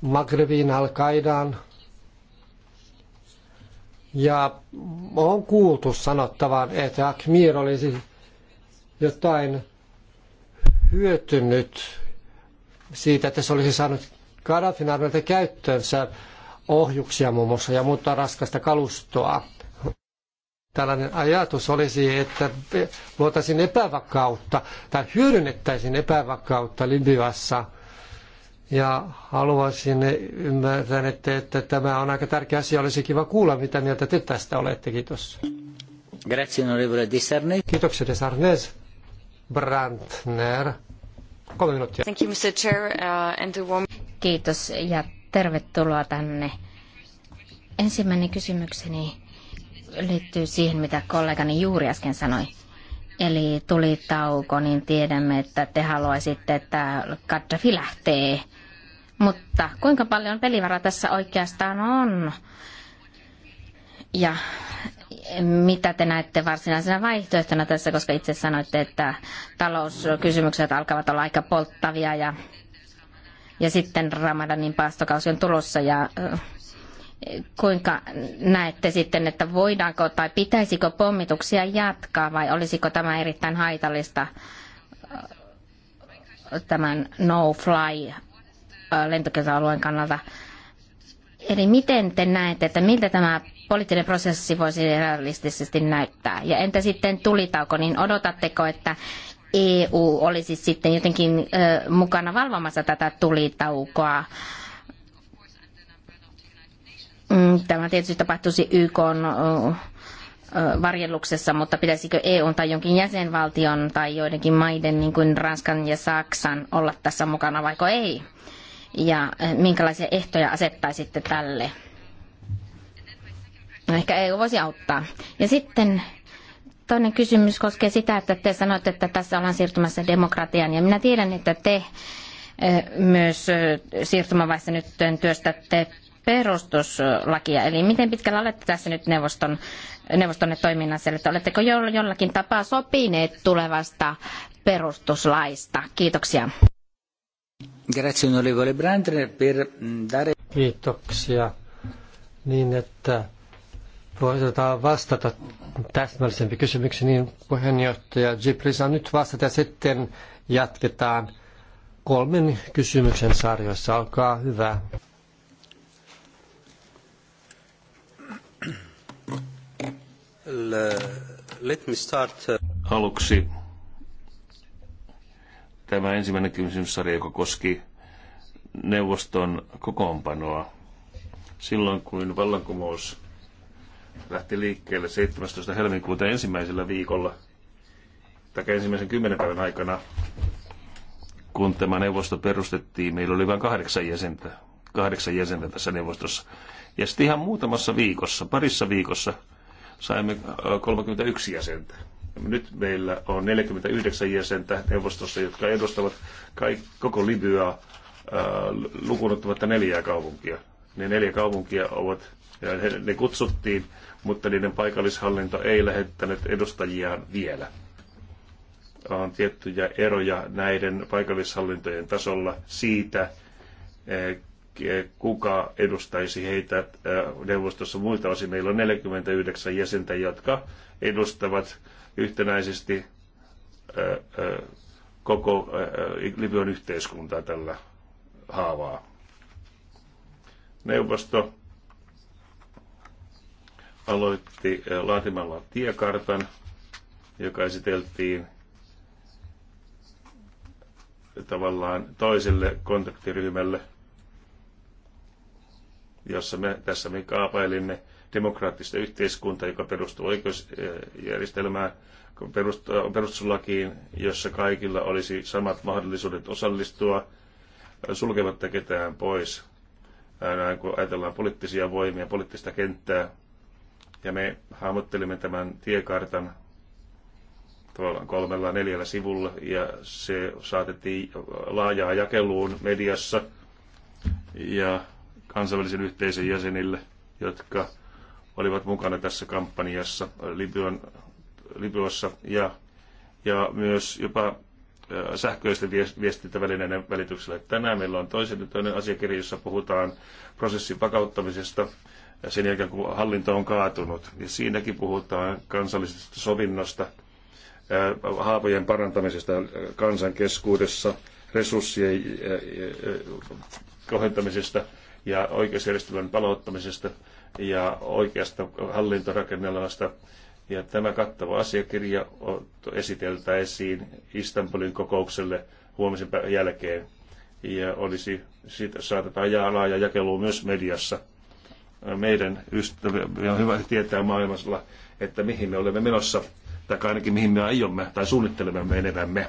Magrebin, Al-Qaidaan, ja on kuultu sanottavan, että Akmir olisi jotain hyötynyt siitä, että se olisi saanut Gaddafin armeilta käyttöönsä ohjuksia muun muassa ja muuta raskasta kalustoa. Tällainen ajatus olisi, että luotaisiin epävakautta tai hyödynnettäisiin epävakautta Libyassa – ja haluaisin ymmärtää, että, että tämä on aika tärkeä asia. Olisi kiva kuulla, mitä mieltä te tästä olette. Kiitos. Grazie, onorevole Desarnes. Kiitoksia, Desarnes. Brandner. Kolme minuuttia. Thank you, Mr. Chair, uh, and the Kiitos ja tervetuloa tänne. Ensimmäinen kysymykseni liittyy siihen, mitä kollegani juuri äsken sanoi eli tuli tauko, niin tiedämme, että te haluaisitte, että Gaddafi lähtee. Mutta kuinka paljon pelivaraa tässä oikeastaan on? Ja mitä te näette varsinaisena vaihtoehtona tässä, koska itse sanoitte, että talouskysymykset alkavat olla aika polttavia ja, ja sitten Ramadanin paastokausi on tulossa ja kuinka näette sitten, että voidaanko tai pitäisikö pommituksia jatkaa vai olisiko tämä erittäin haitallista tämän no-fly lentokenttäalueen kannalta? Eli miten te näette, että miltä tämä poliittinen prosessi voisi realistisesti näyttää? Ja entä sitten tulitauko, niin odotatteko, että EU olisi sitten jotenkin mukana valvomassa tätä tulitaukoa? Mm, tämä tietysti tapahtuisi YK varjelluksessa, mutta pitäisikö EU tai jonkin jäsenvaltion tai joidenkin maiden, niin kuin Ranskan ja Saksan, olla tässä mukana vaiko ei? Ja eh, minkälaisia ehtoja asettaisitte tälle? No, ehkä EU voisi auttaa. Ja sitten toinen kysymys koskee sitä, että te sanoitte, että tässä ollaan siirtymässä demokratiaan. Ja minä tiedän, että te eh, myös eh, siirtymävaiheessa nyt työstätte perustuslakia. Eli miten pitkällä olette tässä nyt neuvoston, neuvostonne toiminnassa? Eli oletteko jollakin tapaa sopineet tulevasta perustuslaista? Kiitoksia. Grazie Brandner per mm, dare... Kiitoksia. Niin, että voidaan vastata täsmällisempi kysymyksi, niin puheenjohtaja Gibris on nyt vastata ja sitten jatketaan kolmen kysymyksen sarjoissa. Olkaa hyvä. Uh, Aluksi tämä ensimmäinen kysymyssarja, joka koski neuvoston kokoonpanoa. Silloin kun vallankumous lähti liikkeelle 17. helmikuuta ensimmäisellä viikolla, tai ensimmäisen kymmenen päivän aikana, kun tämä neuvosto perustettiin, meillä oli vain kahdeksan jäsentä, kahdeksan jäsentä tässä neuvostossa. Ja sitten ihan muutamassa viikossa, parissa viikossa, saimme 31 äh, jäsentä. Nyt meillä on 49 jäsentä neuvostossa, jotka edustavat koko Libyaa äh, lukunottamatta neljää kaupunkia. Ne neljä kaupunkia ovat, he, ne kutsuttiin, mutta niiden paikallishallinto ei lähettänyt edustajiaan vielä. On tiettyjä eroja näiden paikallishallintojen tasolla siitä, kuka edustaisi heitä äh, neuvostossa muilta osin. Meillä on 49 jäsentä, jotka edustavat yhtenäisesti äh, äh, koko Libyan yhteiskuntaa tällä haavaa. Neuvosto aloitti laatimalla tiekartan, joka esiteltiin tavallaan toiselle kontaktiryhmälle – jossa me, tässä me kaapailimme demokraattista yhteiskuntaa, joka perustuu oikeusjärjestelmään, perustuslakiin, jossa kaikilla olisi samat mahdollisuudet osallistua sulkematta ketään pois, näin kun ajatellaan poliittisia voimia, poliittista kenttää. Ja me hahmottelimme tämän tiekartan tavallaan kolmella neljällä sivulla ja se saatettiin laajaa jakeluun mediassa. Ja kansainvälisen yhteisön jäsenille, jotka olivat mukana tässä kampanjassa Libyan, Libyassa ja, ja myös jopa sähköisten viestintävälineiden välityksellä. Tänään meillä on toisen, toinen asiakirja, jossa puhutaan prosessin vakauttamisesta ja sen jälkeen, kun hallinto on kaatunut. Ja siinäkin puhutaan kansallisesta sovinnosta, haapojen parantamisesta kansan keskuudessa, resurssien kohentamisesta ja oikeusjärjestelmän palauttamisesta ja oikeasta hallintorakennelmasta. Ja tämä kattava asiakirja esiteltäisiin Istanbulin kokoukselle huomisen jälkeen. Ja olisi, siitä saatetaan jää laaja jakelu myös mediassa. Meidän ystävämme on hyvä tietää maailmassa, että mihin me olemme menossa, tai ainakin mihin me aiomme tai suunnittelemme menevämme.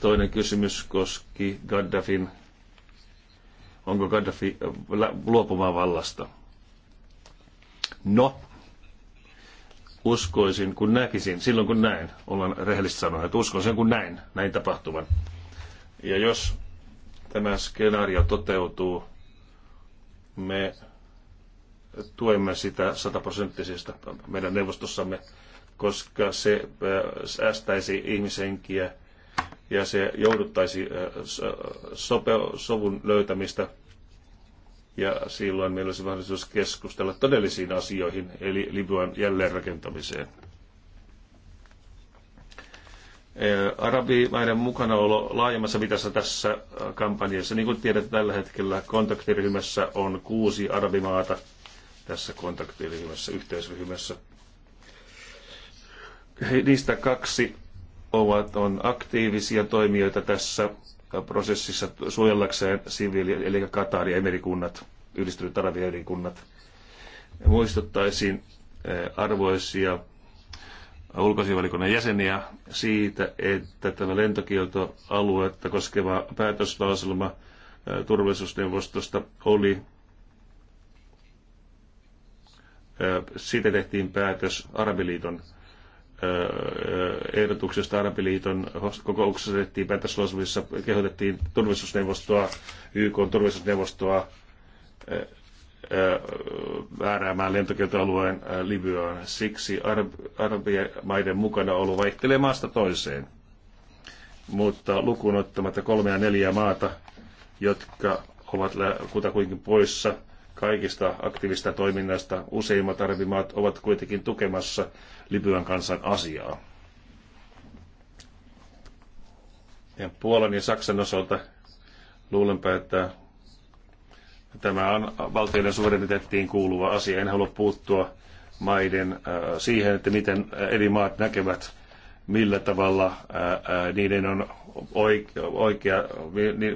Toinen kysymys koski Gaddafin onko Gaddafi äh, luopumaan vallasta. No, uskoisin, kun näkisin, silloin kun näin, ollaan rehellisesti sanoa, että uskon sen kun näin, näin tapahtuvan. Ja jos tämä skenaario toteutuu, me tuemme sitä sataprosenttisesta meidän neuvostossamme, koska se äh, säästäisi ihmisenkiä, ja se jouduttaisi äh, äh, sope- sovun löytämistä ja silloin meillä olisi mahdollisuus keskustella todellisiin asioihin, eli Libyan jälleenrakentamiseen. Äh, arabimaiden mukanaolo laajemmassa mitassa tässä kampanjassa. Niin kuin tiedät, tällä hetkellä kontaktiryhmässä on kuusi arabimaata tässä kontaktiryhmässä, yhteisryhmässä. Niistä kaksi ovat, on aktiivisia toimijoita tässä prosessissa suojellakseen siviili, eli Kataria emirikunnat, yhdistynyt kunnat Muistuttaisin eh, arvoisia ulkoasianvalikunnan jäseniä siitä, että tämä lentokieltoaluetta koskeva päätöslauselma eh, turvallisuusneuvostosta oli eh, siitä tehtiin päätös Arabiliiton ehdotuksesta Arabiliiton kokouksessa tehtiin päätöslausumissa, kehotettiin turvallisuusneuvostoa, YK turvallisuusneuvostoa määräämään lentokieltoalueen Libyaan. Siksi maiden mukana ollut vaihtelee maasta toiseen. Mutta lukuun ottamatta kolmea neljää maata, jotka ovat kutakuinkin poissa – kaikista aktiivista toiminnasta. Useimmat arabimaat ovat kuitenkin tukemassa Libyan kansan asiaa. Ja Puolan ja Saksan osalta luulenpa, että tämä on valtioiden suvereniteettiin kuuluva asia. En halua puuttua maiden äh, siihen, että miten äh, eri maat näkevät, millä tavalla äh, niiden on oikea,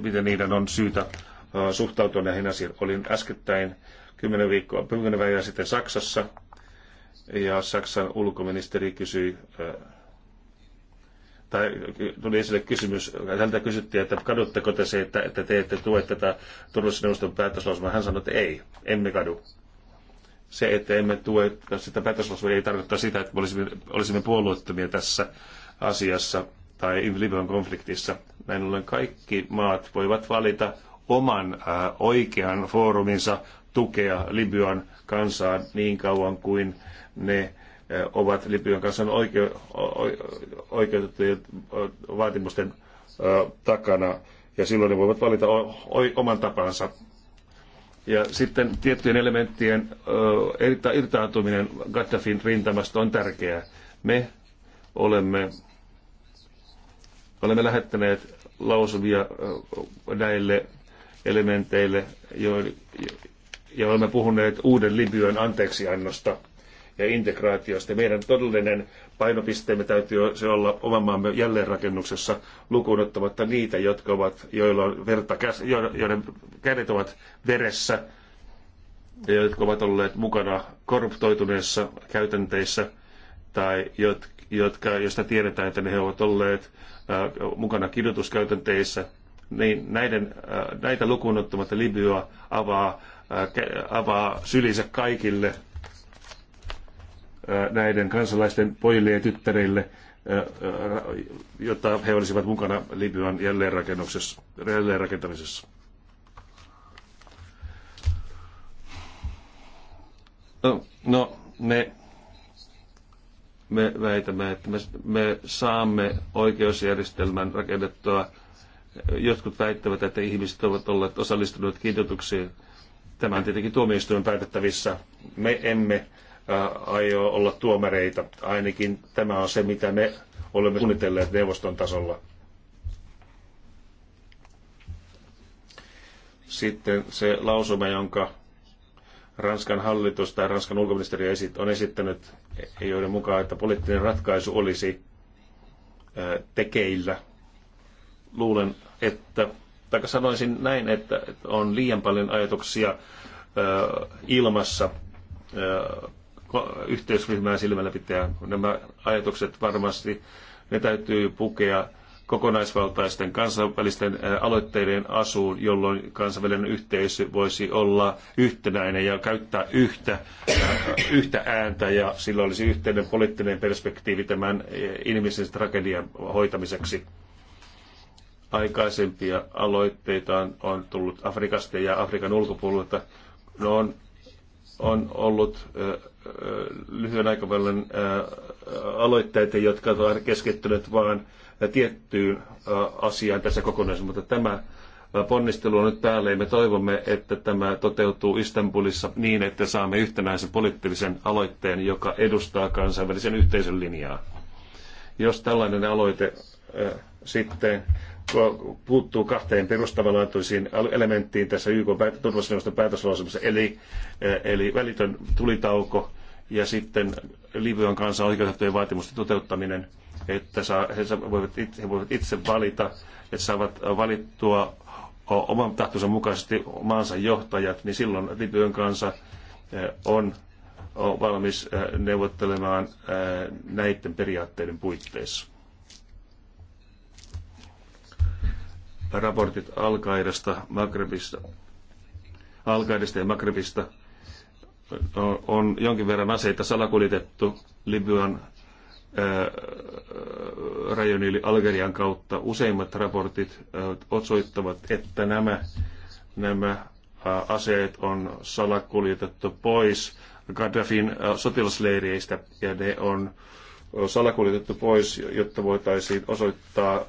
miten niiden on syytä Äh, suhtautua näihin asioihin. Olin äskettäin 10 viikkoa, 10 päivää sitten Saksassa ja Saksan ulkoministeri kysyi, äh, tai tuli esille kysymys, häntä kysyttiin, että kadutteko te se, että, että te ette tue tätä turvallisuusneuvoston päätöslausumaa. Hän sanoi, että ei, emme kadu. Se, että emme tue sitä päätöslausumaa, ei tarkoita sitä, että olisimme, olisimme puolueettomia tässä asiassa tai Libyan konfliktissa. Näin ollen kaikki maat voivat valita oman äh, oikean fooruminsa tukea Libyan kansaa niin kauan kuin ne äh, ovat Libyan kansan oikeu, oikeutettujen äh, vaatimusten takana. Ja silloin ne voivat valita oman tapansa. Ja sitten tiettyjen elementtien irtaantuminen Gaddafin rintamasta on tärkeää. Me olemme, olemme lähettäneet lausuvia näille elementeille, joilla ja olemme puhuneet uuden Libyan anteeksiannosta ja integraatiosta. Meidän todellinen painopisteemme täytyy se olla oman maamme jälleenrakennuksessa lukuun ottamatta niitä, jotka ovat, joilla on verta, joiden kädet ovat veressä ja jotka ovat olleet mukana korruptoituneissa käytänteissä tai jotka, joista tiedetään, että ne he ovat olleet äh, mukana kidutuskäytänteissä – niin näiden, äh, näitä lukuun ottamatta Libya avaa, äh, avaa sylinsä kaikille äh, näiden kansalaisten pojille ja tyttäreille, jotta he olisivat mukana Libyan jälleenrakentamisessa. No, no me, me väitämme, että me, me saamme oikeusjärjestelmän rakennettua Jotkut väittävät, että ihmiset ovat olleet osallistuneet kidutuksiin. Tämä on tietenkin tuomioistuimen päätettävissä. Me emme äh, aio olla tuomareita. Ainakin tämä on se, mitä me olemme suunnitelleet neuvoston tasolla. Sitten se lausuma, jonka Ranskan hallitus tai Ranskan ulkoministeriö on esittänyt, joiden mukaan, että poliittinen ratkaisu olisi äh, tekeillä luulen, että, tai sanoisin näin, että, että on liian paljon ajatuksia ö, ilmassa ö, yhteisryhmää silmällä pitää. Nämä ajatukset varmasti, ne täytyy pukea kokonaisvaltaisten kansainvälisten aloitteiden asuun, jolloin kansainvälinen yhteisö voisi olla yhtenäinen ja käyttää yhtä, yhtä ääntä ja sillä olisi yhteinen poliittinen perspektiivi tämän inhimillisen tragedian hoitamiseksi aikaisempia aloitteita on, on tullut Afrikasta ja Afrikan ulkopuolelta. No on, on ollut ö, ö, lyhyen aikavälin ö, aloitteita, jotka ovat keskittyneet vain tiettyyn ö, asiaan tässä kokonaisuudessa, mutta tämä ponnistelu on nyt päällä ja me toivomme, että tämä toteutuu Istanbulissa niin, että saamme yhtenäisen poliittisen aloitteen, joka edustaa kansainvälisen yhteisön linjaa. Jos tällainen aloite sitten puuttuu kahteen perustavanlaatuisiin elementtiin tässä YK turvallisuusneuvoston päätöslauselmassa, eli, eh, eli välitön tulitauko ja sitten Libyan kansan oikeutettujen vaatimusten toteuttaminen, että saa, he, voivat itse, he voivat itse valita, että saavat valittua oman tahtonsa mukaisesti maansa johtajat, niin silloin Libyan kansa eh, on on valmis eh, neuvottelemaan näiden periaatteiden puitteissa. raportit Al-Qaidasta, Magrebista, al ja Magrebista on jonkin verran aseita salakuljetettu Libyan rajan yli Algerian kautta. Useimmat raportit osoittavat, että nämä, nämä aseet on salakuljetettu pois Gaddafin sotilasleireistä ja ne on salakuljetettu pois, jotta voitaisiin osoittaa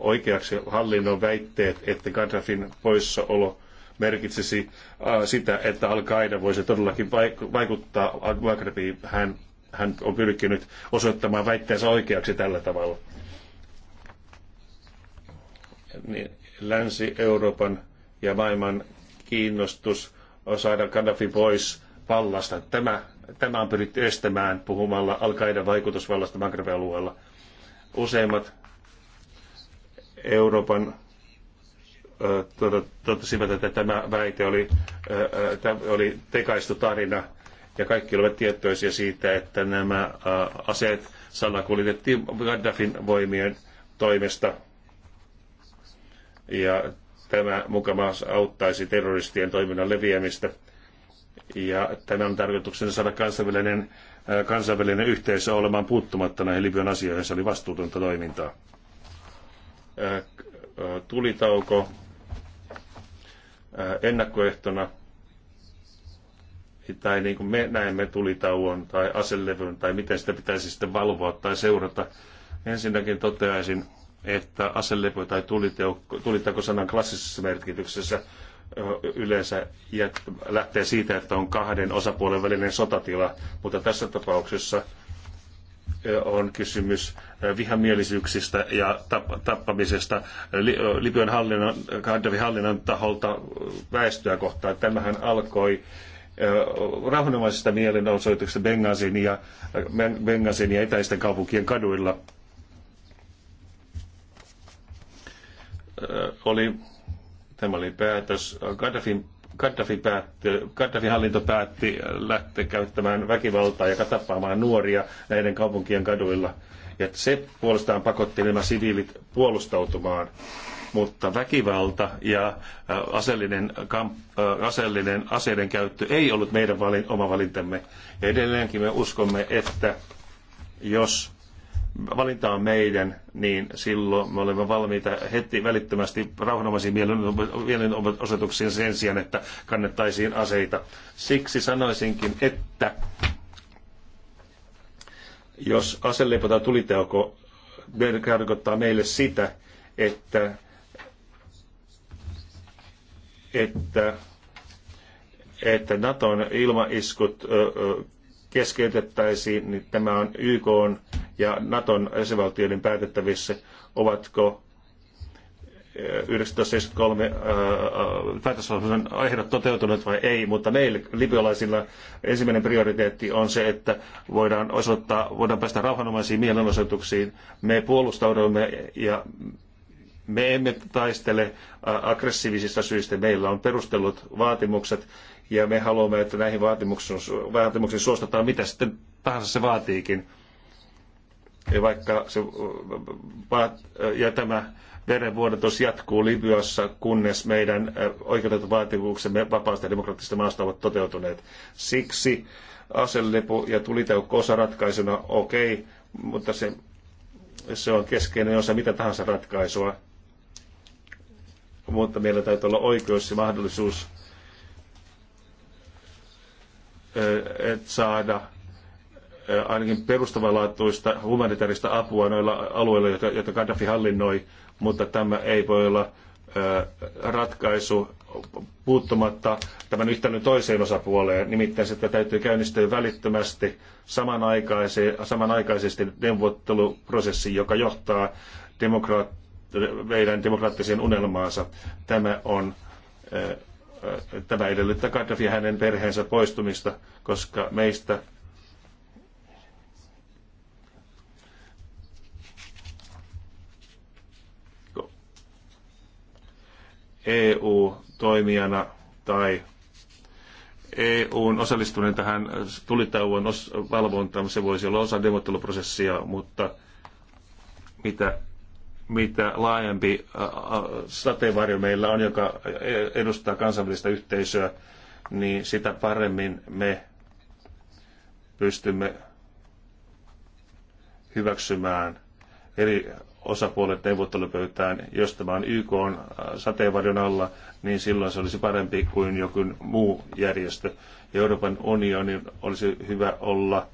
oikeaksi hallinnon väitteet, että Gaddafin poissaolo merkitsisi sitä, että Al-Qaida voisi todellakin vaikuttaa Maghrebiin. Hän, hän on pyrkinyt osoittamaan väitteensä oikeaksi tällä tavalla. Niin, Länsi-Euroopan ja maailman kiinnostus saada Gaddafi pois vallasta. Tämä Tämä on pyritty estämään puhumalla al vaikutusvallasta Maghreb-alueella. Useimmat Euroopan tuota, totesivat, että tämä väite oli, oli tekaistu tarina ja kaikki olivat tietoisia siitä, että nämä ää, aseet salakuljetettiin Gaddafin voimien toimesta ja tämä mukavasti auttaisi terroristien toiminnan leviämistä. Ja tämän tarkoituksena saada kansainvälinen, äh, kansainvälinen yhteisö olemaan puuttumatta näihin Libyan asioihin. Se oli vastuutonta toimintaa. Äh, äh, tulitauko ennakkoehtona tai niin kuin me näemme tulitauon tai aselevyn tai miten sitä pitäisi sitten valvoa tai seurata. Ensinnäkin toteaisin, että aselevy tai tulitauko sanan klassisessa merkityksessä yleensä lähtee siitä, että on kahden osapuolen välinen sotatila, mutta tässä tapauksessa on kysymys vihamielisyyksistä ja tappamisesta Libyan hallinnon, Gaddafin hallinnon taholta väestöä kohtaan. Tämähän alkoi rauhanomaisesta mielenosoituksesta Bengasin ja, Bengasin ja etäisten kaupunkien kaduilla. Oli Tämä oli päätös. Gaddafin, Gaddafi, päätti, Gaddafin hallinto päätti lähteä käyttämään väkivaltaa ja tappaamaan nuoria näiden kaupunkien kaduilla. Ja se puolestaan pakotti nämä siviilit puolustautumaan mutta väkivalta ja äh, aseellinen, kamp, äh, aseellinen aseiden käyttö ei ollut meidän valin, oma valintamme. Ja edelleenkin me uskomme, että jos valinta on meidän, niin silloin me olemme valmiita heti välittömästi rauhanomaisiin mielenosoituksiin sen sijaan, että kannettaisiin aseita. Siksi sanoisinkin, että jos aseleipo tai tuliteoko tarkoittaa meille sitä, että, että, että Naton ilmaiskut keskeytettäisiin, niin tämä on YK on ja Naton jäsenvaltioiden päätettävissä, ovatko 1973 eh, eh, eh, päätösvallan ehdot toteutuneet vai ei, mutta meillä libyalaisilla ensimmäinen prioriteetti on se, että voidaan osoittaa, voidaan päästä rauhanomaisiin mielenosoituksiin. Me puolustaudumme ja me emme taistele aggressiivisista syistä. Meillä on perustellut vaatimukset ja me haluamme, että näihin vaatimuksiin, vaatimuksiin suostutaan mitä sitten tahansa se vaatiikin vaikka se, ja tämä verenvuodatus jatkuu Libyassa, kunnes meidän oikeudet vaativuuksemme vapaasta ja demokraattisesta maasta ovat toteutuneet. Siksi aselepo ja tuliteukko osa ratkaisuna, okei, okay, mutta se, se on keskeinen osa mitä tahansa ratkaisua. Mutta meillä täytyy olla oikeus ja mahdollisuus että saada ainakin perustavanlaatuista humanitaarista apua noilla alueilla, joita, joita Gaddafi hallinnoi, mutta tämä ei voi olla ratkaisu puuttumatta tämän yhtälön toiseen osapuoleen. Nimittäin sitä täytyy käynnistää välittömästi samanaikaisesti neuvotteluprosessi, joka johtaa demokraat, meidän demokraattiseen unelmaansa. Tämä on Tämä edellyttää Gaddafi ja hänen perheensä poistumista, koska meistä EU-toimijana tai EUn osallistuminen tähän tulitauon valvontaan, se voisi olla osa demotteluprosessia, mutta mitä, mitä laajempi sateenvarjo meillä on, joka edustaa kansainvälistä yhteisöä, niin sitä paremmin me pystymme hyväksymään eri osapuolet neuvottelupöytään. Jos tämä on YK on äh, sateenvarjon alla, niin silloin se olisi parempi kuin jokin muu järjestö. Euroopan unionin olisi hyvä olla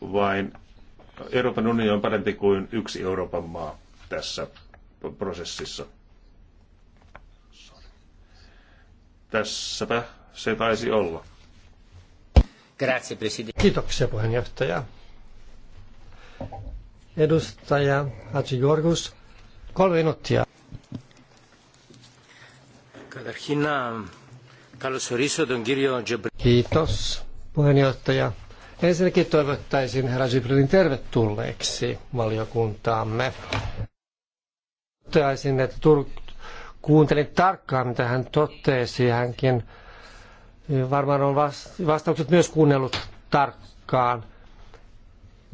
vain, Euroopan unioni on parempi kuin yksi Euroopan maa tässä prosessissa. Tässäpä se taisi olla. Grazie, Kiitoksia puheenjohtaja. Edustaja Hatsi Jorgus, kolme minuuttia. Kiitos, puheenjohtaja. Ensinnäkin toivottaisin herra Gibrilin tervetulleeksi valiokuntaamme. Toteaisin, että Tur- kuuntelin tarkkaan, mitä hän totesi. Hänkin varmaan on vastaukset myös kuunnellut tarkkaan.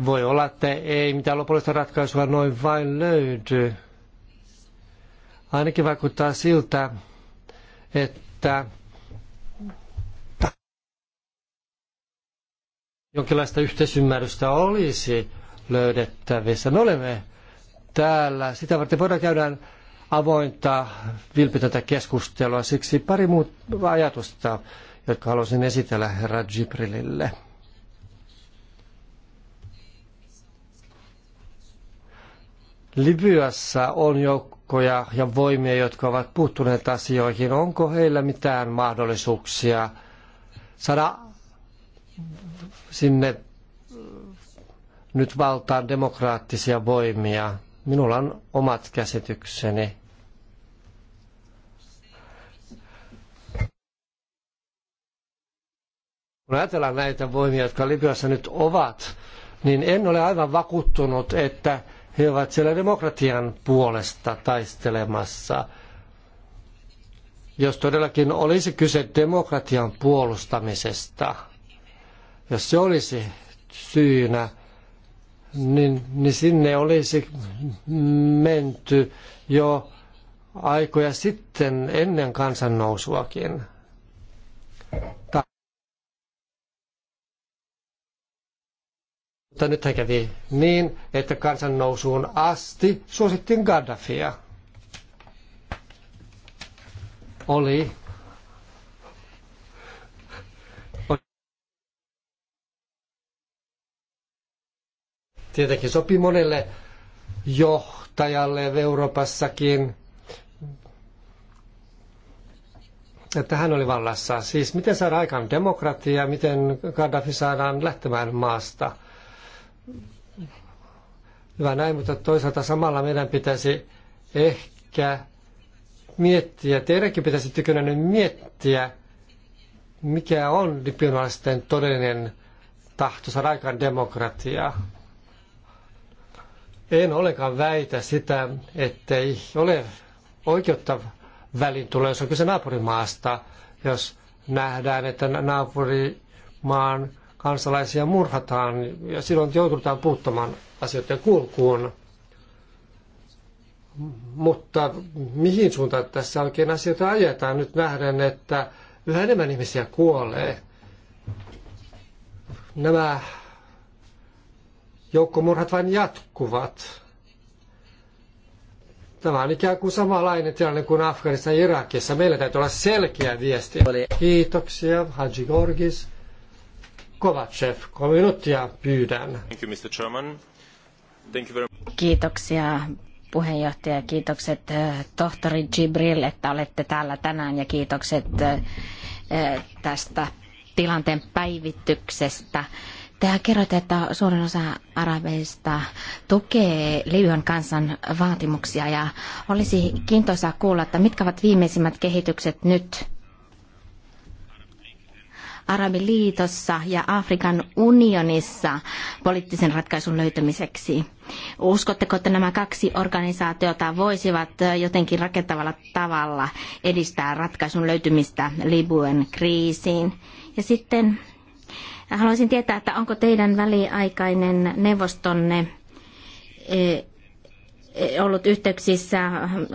Voi olla, että ei mitään lopullista ratkaisua noin vain löydy. Ainakin vaikuttaa siltä, että jonkinlaista yhteisymmärrystä olisi löydettävissä. Me olemme täällä. Sitä varten voidaan käydä avointa, vilpitöntä keskustelua. Siksi pari muuta ajatusta, jotka haluaisin esitellä herra Gibrilille. Libyassa on joukkoja ja voimia, jotka ovat puuttuneet asioihin. Onko heillä mitään mahdollisuuksia saada sinne nyt valtaan demokraattisia voimia? Minulla on omat käsitykseni. kun ajatellaan näitä voimia, jotka Libyassa nyt ovat, niin en ole aivan vakuuttunut, että he ovat siellä demokratian puolesta taistelemassa. Jos todellakin olisi kyse demokratian puolustamisesta, jos se olisi syynä, niin, niin sinne olisi menty jo aikoja sitten ennen kansannousuakin. Ta- Mutta nythän kävi niin, että kansannousuun asti suosittiin Gaddafia. Oli tietenkin sopi monelle johtajalle Euroopassakin, että hän oli vallassa. Siis miten saada aikaan demokratia, miten Gaddafi saadaan lähtemään maasta – hyvä näin, mutta toisaalta samalla meidän pitäisi ehkä miettiä, teidänkin pitäisi nyt miettiä, mikä on lipinalaisten todellinen tahto saada aikaan demokratiaa. En olekaan väitä sitä, ettei ole oikeutta välin tulee, jos on kyse naapurimaasta, jos nähdään, että naapurimaan kansalaisia murhataan ja silloin joudutaan puuttumaan asioiden kulkuun. Mutta mihin suuntaan tässä oikein asioita ajetaan? Nyt nähdään, että yhä enemmän ihmisiä kuolee. Nämä joukkomurhat vain jatkuvat. Tämä on ikään kuin samanlainen tilanne kuin Afganistan ja Irakissa. Meillä täytyy olla selkeä viesti. Kiitoksia, Haji Gorgis. Kovacev, kolme minuuttia pyydän. Thank you, Mr. Chairman. Thank you very much. Kiitoksia puheenjohtaja. Kiitokset eh, tohtori Gibril, että olette täällä tänään ja kiitokset eh, eh, tästä tilanteen päivityksestä. Tehän kerroitte, että suurin osa arabeista tukee Libyan kansan vaatimuksia ja olisi kiintoisaa kuulla, että mitkä ovat viimeisimmät kehitykset nyt Arabiliitossa ja Afrikan unionissa poliittisen ratkaisun löytämiseksi. Uskotteko, että nämä kaksi organisaatiota voisivat jotenkin rakentavalla tavalla edistää ratkaisun löytymistä Libyen kriisiin? Ja sitten haluaisin tietää, että onko teidän väliaikainen neuvostonne eh, ollut yhteyksissä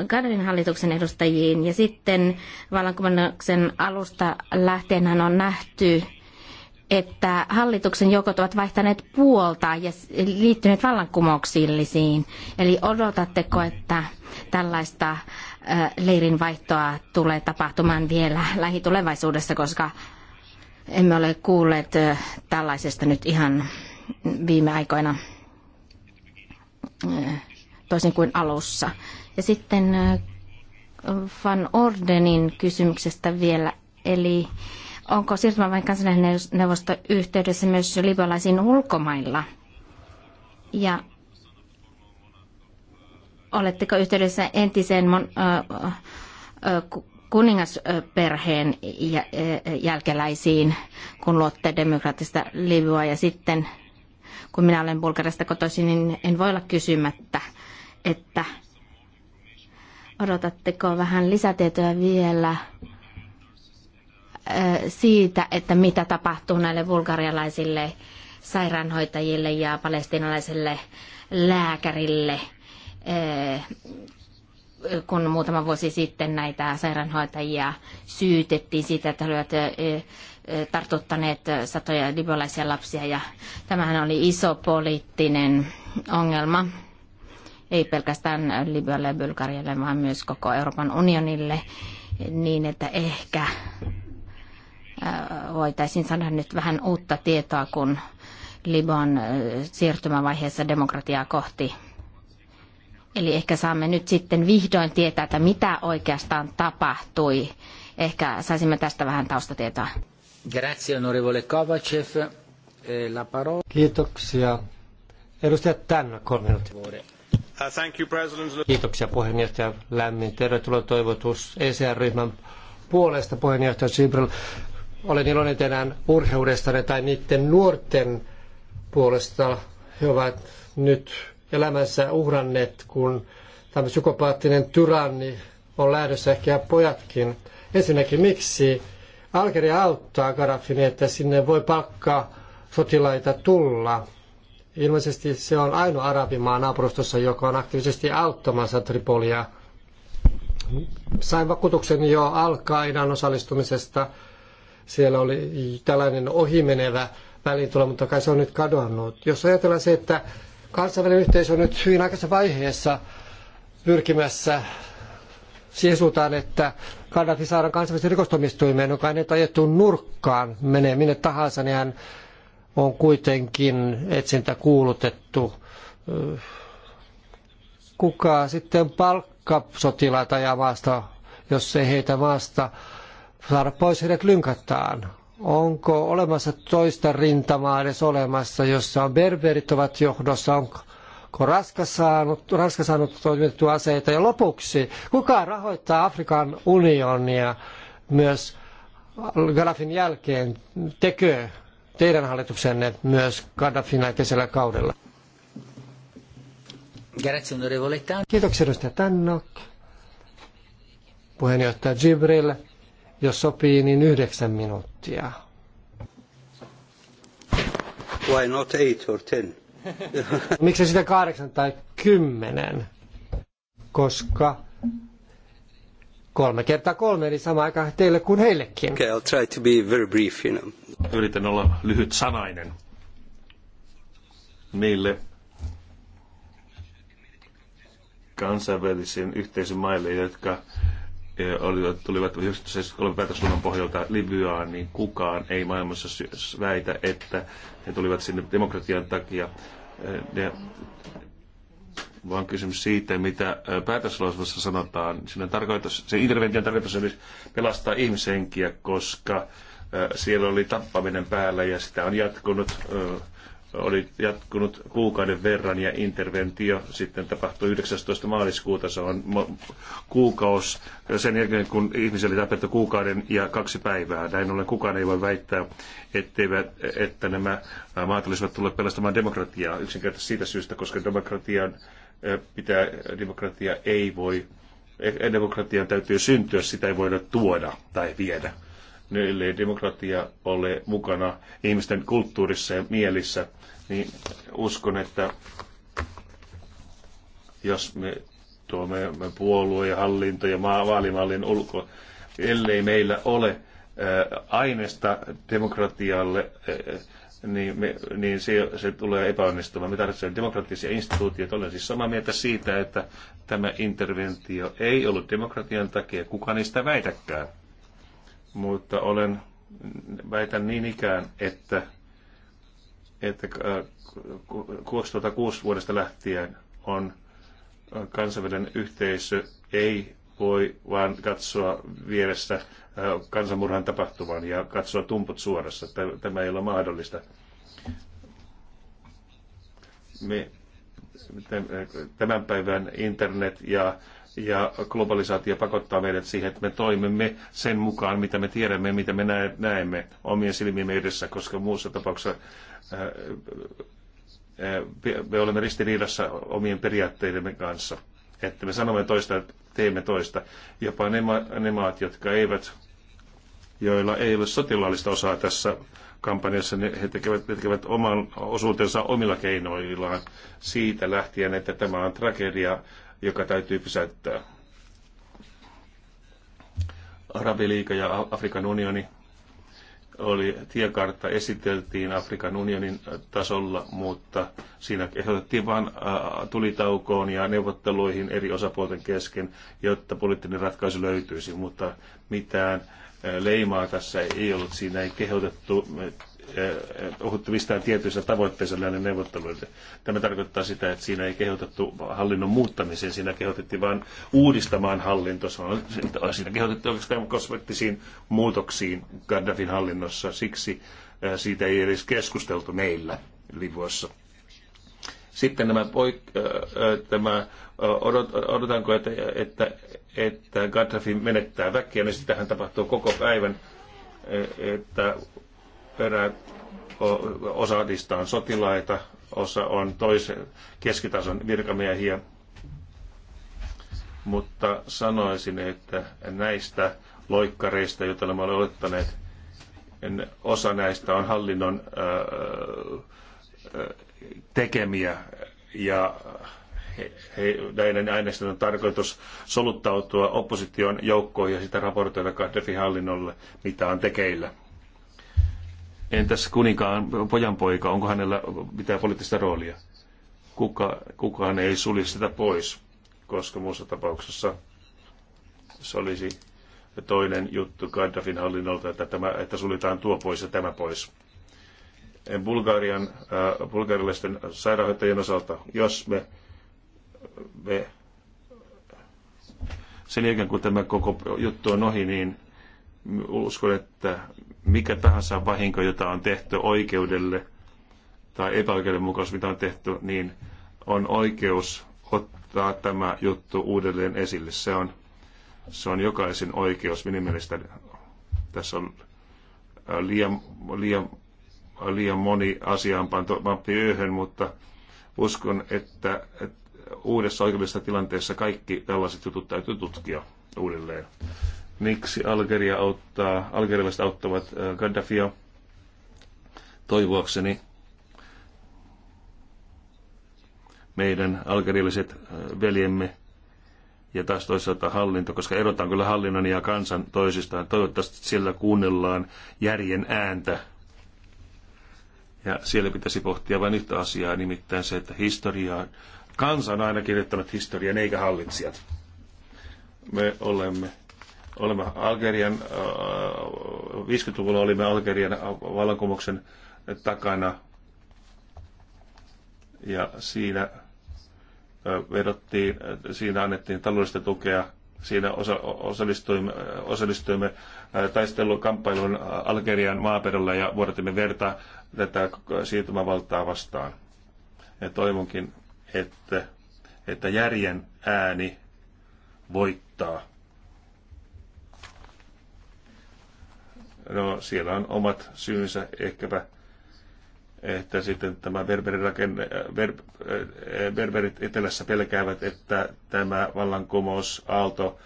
Kanadan hallituksen edustajiin ja sitten vallankumouksen alusta hän on nähty, että hallituksen joukot ovat vaihtaneet puolta ja liittyneet vallankumouksillisiin. Eli odotatteko, että tällaista leirin vaihtoa tulee tapahtumaan vielä lähitulevaisuudessa, koska emme ole kuulleet tällaisesta nyt ihan viime aikoina toisin kuin alussa. Ja sitten äh, Van Ordenin kysymyksestä vielä, eli onko siirtymävain kansallisneuvosto yhteydessä myös libyalaisiin ulkomailla? Ja oletteko yhteydessä entiseen mon, ö, äh, ö, äh, kuningasperheen jälkeläisiin, kun luotte demokraattista Libyaa ja sitten kun minä olen Bulgarista kotoisin, niin en voi olla kysymättä että odotatteko vähän lisätietoja vielä siitä, että mitä tapahtuu näille bulgarialaisille sairaanhoitajille ja palestinalaiselle lääkärille, kun muutama vuosi sitten näitä sairaanhoitajia syytettiin siitä, että olivat tartuttaneet satoja libyalaisia lapsia ja tämähän oli iso poliittinen ongelma ei pelkästään Libyalle ja Bulgarialle, vaan myös koko Euroopan unionille, niin että ehkä äh, voitaisiin saada nyt vähän uutta tietoa, kun Libon äh, siirtymävaiheessa demokratiaa kohti. Eli ehkä saamme nyt sitten vihdoin tietää, että mitä oikeastaan tapahtui. Ehkä saisimme tästä vähän taustatietoa. Grazie, onorevole Kovacev. Eh, la parola. Kiitoksia. Edustaja Tänne, kolme minuuttia. Uh, Kiitoksia puheenjohtaja Lämmin. Tervetuloa toivotus ECR-ryhmän puolesta puheenjohtaja Sibrel. Olen iloinen tänään urheudestanne tai niiden nuorten puolesta. He ovat nyt elämänsä uhranneet, kun tämä psykopaattinen tyranni on lähdössä ehkä pojatkin. Ensinnäkin miksi Algeria auttaa Gaddafin, että sinne voi palkkaa sotilaita tulla? Ilmeisesti se on ainoa arabimaa naapurustossa, joka on aktiivisesti auttamassa Tripolia. Sain vakuutuksen jo Al-Qaidan osallistumisesta. Siellä oli tällainen ohimenevä väliintulo, mutta kai se on nyt kadonnut. Jos ajatellaan se, että kansainvälinen yhteisö on nyt hyvin aikaisessa vaiheessa pyrkimässä siihen suuntaan, että Gaddafi saadaan kansainvälisen rikostomistuimeen, joka on ajettu nurkkaan, menee minne tahansa, niin hän on kuitenkin etsintä kuulutettu. Kuka sitten sotilaita ja maasta, jos ei heitä maasta saada pois, heidät lynkataan? Onko olemassa toista rintamaa edes olemassa, jossa on berberit ovat johdossa, onko kun Ranska saanut, Ranska saanut toimitettua aseita. Ja lopuksi, kuka rahoittaa Afrikan unionia myös Galafin jälkeen? Tekö teidän hallituksenne myös Gaddafin kesällä kaudella. Kiitoksia edustaja Tannok. Puheenjohtaja Gibril, jos sopii, niin yhdeksän minuuttia. Why not eight or ten? Miksi sitä kahdeksan tai kymmenen? Koska Kolme kertaa kolme, eli sama aika teille kuin heillekin. Okay, I'll try to be very brief, you know. Yritän olla lyhyt sanainen niille kansainvälisen yhteisön maille, jotka e, olivat, tulivat 1973 päätöslunnan pohjalta Libyaan, niin kukaan ei maailmassa väitä, että he tulivat sinne demokratian takia. E, ne vaan kysymys siitä, mitä päätöslausumassa sanotaan. Siinä tarkoitus, se intervention tarkoitus oli pelastaa ihmishenkiä, koska siellä oli tappaminen päällä ja sitä on jatkunut, oli jatkunut kuukauden verran ja interventio sitten tapahtui 19. maaliskuuta. Se on kuukaus sen jälkeen, kun ihmisiä oli tapettu kuukauden ja kaksi päivää. Näin ollen kukaan ei voi väittää, etteivät, että nämä maat olisivat tulleet pelastamaan demokratiaa yksinkertaisesti siitä syystä, koska demokratian pitää, demokratia ei voi, e, e, demokratian täytyy syntyä, sitä ei voida tuoda tai viedä. No, ellei demokratia ole mukana ihmisten kulttuurissa ja mielissä, niin uskon, että jos me tuomme me puolue ja hallinto ja maa, vaalimallin ulko, ellei meillä ole aineesta demokratialle, niin, me, niin se, se tulee epäonnistumaan. Me tarvitsemme demokraattisia instituutioita. Olen siis samaa mieltä siitä, että tämä interventio ei ollut demokratian takia. Kukaan niistä väitäkään. Mutta olen, väitän niin ikään, että, että 2006 äh, vuodesta lähtien on äh, kansainvälinen yhteisö ei voi vaan katsoa vieressä kansanmurhan tapahtuvan ja katsoa tumput suorassa. Tämä ei ole mahdollista. Me, tämän päivän internet ja, ja globalisaatio pakottaa meidät siihen, että me toimimme sen mukaan, mitä me tiedämme, mitä me näemme omien silmiemme edessä, koska muussa tapauksessa äh, äh, me olemme ristiriidassa omien periaatteidemme kanssa. Että me sanomme toista, että teemme toista. Jopa ne, ma- ne maat, jotka eivät joilla ei ole sotilaallista osaa tässä kampanjassa, ne, he tekevät, he tekevät oman osuutensa omilla keinoillaan siitä lähtien, että tämä on tragedia, joka täytyy pysäyttää. Arabiliika ja Afrikan unioni oli tiekartta, esiteltiin Afrikan unionin tasolla, mutta siinä ehdotettiin vain tulitaukoon ja neuvotteluihin eri osapuolten kesken, jotta poliittinen ratkaisu löytyisi, mutta mitään leimaa tässä ei ollut. Siinä ei kehotettu eh, eh, ohuttu mistään tietyissä tavoitteissa näiden neuvotteluiden. Tämä tarkoittaa sitä, että siinä ei kehotettu hallinnon muuttamiseen, siinä kehotettiin vain uudistamaan hallinto. Siinä kehotettiin oikeastaan kosmettisiin muutoksiin Gaddafin hallinnossa, siksi eh, siitä ei edes keskusteltu meillä Livuossa. Sitten nämä poik- tämä, odotanko, että, että että Gaddafi menettää väkeä, niin sitähän tapahtuu koko päivän, e, että perä, osa on sotilaita, osa on toisen keskitason virkamiehiä, mutta sanoisin, että näistä loikkareista, joita olemme olettaneet, osa näistä on hallinnon tekemiä ja he, he, näiden äänestäjien on tarkoitus soluttautua opposition joukkoon ja sitä raportoida Gaddafin hallinnolle, mitä on tekeillä. Entäs kuninkaan pojanpoika, onko hänellä mitään poliittista roolia? Kuka, kukaan ei sulje sitä pois, koska muussa tapauksessa se olisi toinen juttu Gaddafin hallinnolta, että, tämä, että sulitaan tuo pois ja tämä pois. Bulgarian, äh, bulgarilaisten sairaanhoitajien osalta, jos me me, sen jälkeen kun tämä koko juttu on ohi, niin uskon, että mikä tahansa vahinko, jota on tehty oikeudelle tai epäoikeudenmukaisuus, mitä on tehty, niin on oikeus ottaa tämä juttu uudelleen esille. Se on, se on jokaisen oikeus. Minun mielestäni tässä on äh, liian, liian, liian moni asia on pantu yöhön, mutta uskon, että, että uudessa oikeudellisessa tilanteessa kaikki tällaiset jutut täytyy tutkia uudelleen. Miksi Algeria auttaa, algerialaiset auttavat äh, Gaddafia? Toivoakseni meidän algerialaiset äh, veljemme ja taas toisaalta hallinto, koska erotaan kyllä hallinnon ja kansan toisistaan. Toivottavasti siellä kuunnellaan järjen ääntä. Ja siellä pitäisi pohtia vain yhtä asiaa, nimittäin se, että historiaa Kansa on aina kirjoittanut historian, eikä hallitsijat. Me olemme olemme Algerian, 50-luvulla äh, olimme Algerian vallankumouksen takana ja siinä äh, vedottiin, äh, siinä annettiin taloudellista tukea, siinä osa, osallistuimme, osallistuimme taistelukamppailuun Algerian maaperällä ja vuodatimme verta tätä siirtymävaltaa vastaan. Ja toivonkin, että, että järjen ääni voittaa. No, siellä on omat syynsä ehkäpä, että sitten tämä berberirakenne, äh, ber, äh, berberit etelässä pelkäävät, että tämä vallankumous aalto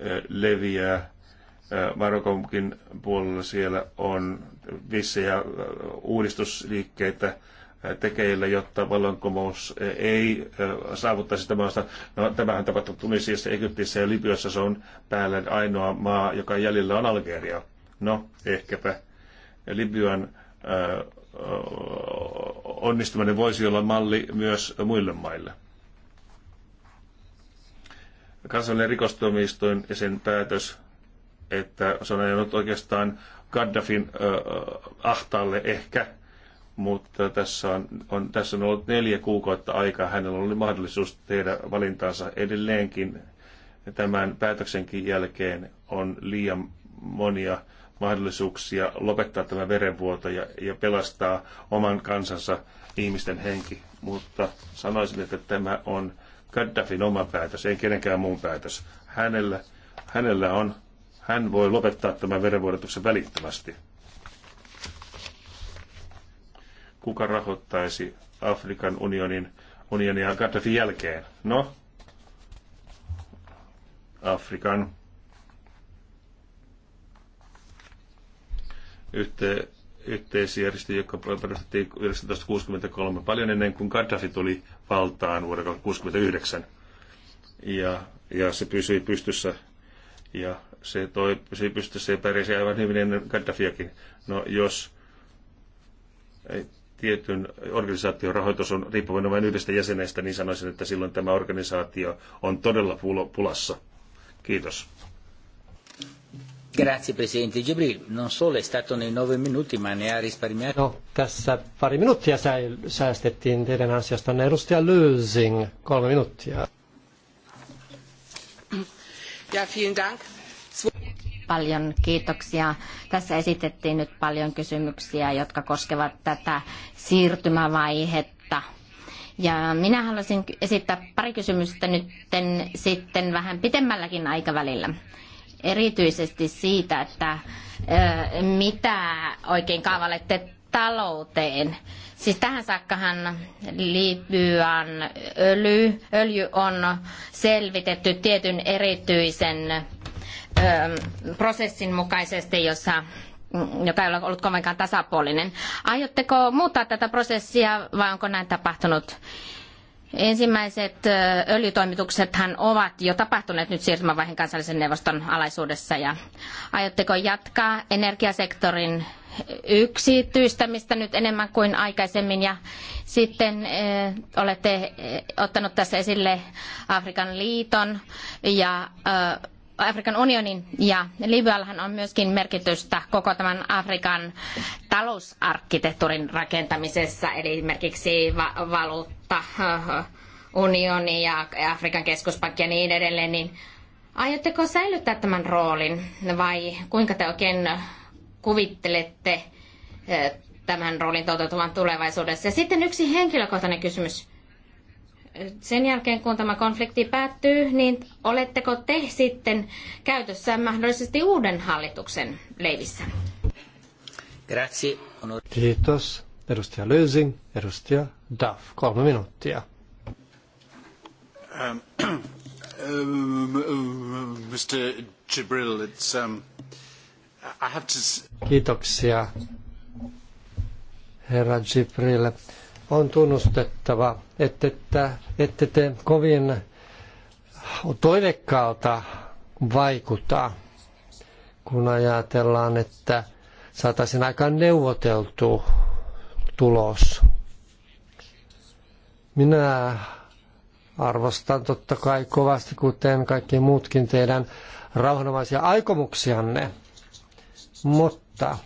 äh, leviää Marokonkin puolella siellä on vissejä uudistusliikkeitä, tekeillä, jotta vallankumous ei saavuttaisi sitä maasta. No, tämähän tapahtui Tunisiassa, Egyptissä ja Libyassa. Se on päällä ainoa maa, joka jäljellä on Algeria. No, ehkäpä Libyan onnistuminen voisi olla malli myös muille maille. Kansallinen rikostuomioistuin ja sen päätös, että se on ajanut oikeastaan Gaddafin ahtaalle ehkä – mutta tässä on, on, tässä on ollut neljä kuukautta aikaa. Hänellä oli mahdollisuus tehdä valintaansa edelleenkin. Tämän päätöksenkin jälkeen on liian monia mahdollisuuksia lopettaa tämä verenvuoto ja, ja pelastaa oman kansansa ihmisten henki. Mutta sanoisin, että tämä on Gaddafin oma päätös, ei kenenkään muun päätös. Hänellä, hänellä on, hän voi lopettaa tämän verenvuodotuksen välittömästi kuka rahoittaisi Afrikan unionin unionia Gaddafin jälkeen. No, Afrikan yhte, yhteisjärjestö, joka perustettiin 1963 paljon ennen kuin Gaddafi tuli valtaan vuonna 1969. Ja, ja se pysyi pystyssä ja se toi, pysyi pystyssä ja pärjäsi aivan hyvin ennen Gaddafiakin. No jos ei, tietyn organisaation rahoitus on riippuvainen vain yhdestä jäsenestä, niin sanoisin, että silloin tämä organisaatio on todella pulassa. Kiitos. Grazie Presidente Gibril, non solo è stato nei nove minuti ma ne ha risparmiato... No, tässä pari minuuttia säästettiin teidän ansiostanne. Edustaja Lösing, kolme minuuttia. Ja, vielen Dank paljon kiitoksia. Tässä esitettiin nyt paljon kysymyksiä, jotka koskevat tätä siirtymävaihetta. Ja minä haluaisin esittää pari kysymystä nyt sitten vähän pitemmälläkin aikavälillä. Erityisesti siitä, että mitä oikein kaavalette talouteen. Siis tähän saakkahan Libyan öljy, öljy on selvitetty tietyn erityisen Ähm, prosessin mukaisesti, jossa mm, joka ei ole ollut kovinkaan tasapuolinen. Aiotteko muuttaa tätä prosessia vai onko näin tapahtunut? Ensimmäiset äh, öljytoimituksethan ovat jo tapahtuneet nyt siirtymävaiheen kansallisen neuvoston alaisuudessa ja aiotteko jatkaa energiasektorin yksityistämistä nyt enemmän kuin aikaisemmin ja sitten äh, olette äh, ottanut tässä esille Afrikan liiton ja Afrikan unionin ja Libyallahan on myöskin merkitystä koko tämän Afrikan talousarkkitehtuurin rakentamisessa, eli esimerkiksi va- valuutta, äh, unioni ja Afrikan keskuspankki ja niin edelleen, niin aiotteko säilyttää tämän roolin vai kuinka te oikein kuvittelette äh, tämän roolin toteutuvan tulevaisuudessa? Ja sitten yksi henkilökohtainen kysymys sen jälkeen, kun tämä konflikti päättyy, niin oletteko te sitten käytössä mahdollisesti uuden hallituksen leivissä? Grazie. Kiitos. Edustaja Lösing, edustaja Duff. Kolme minuuttia. Mr. Um, um, um, Jibril, it's, um, I have to... Kiitoksia, herra Jibril on tunnustettava, että, että te kovin toivekkaalta vaikuta, kun ajatellaan, että saataisiin aikaan neuvoteltu tulos. Minä arvostan totta kai kovasti, kuten kaikki muutkin teidän rauhanomaisia aikomuksianne, mutta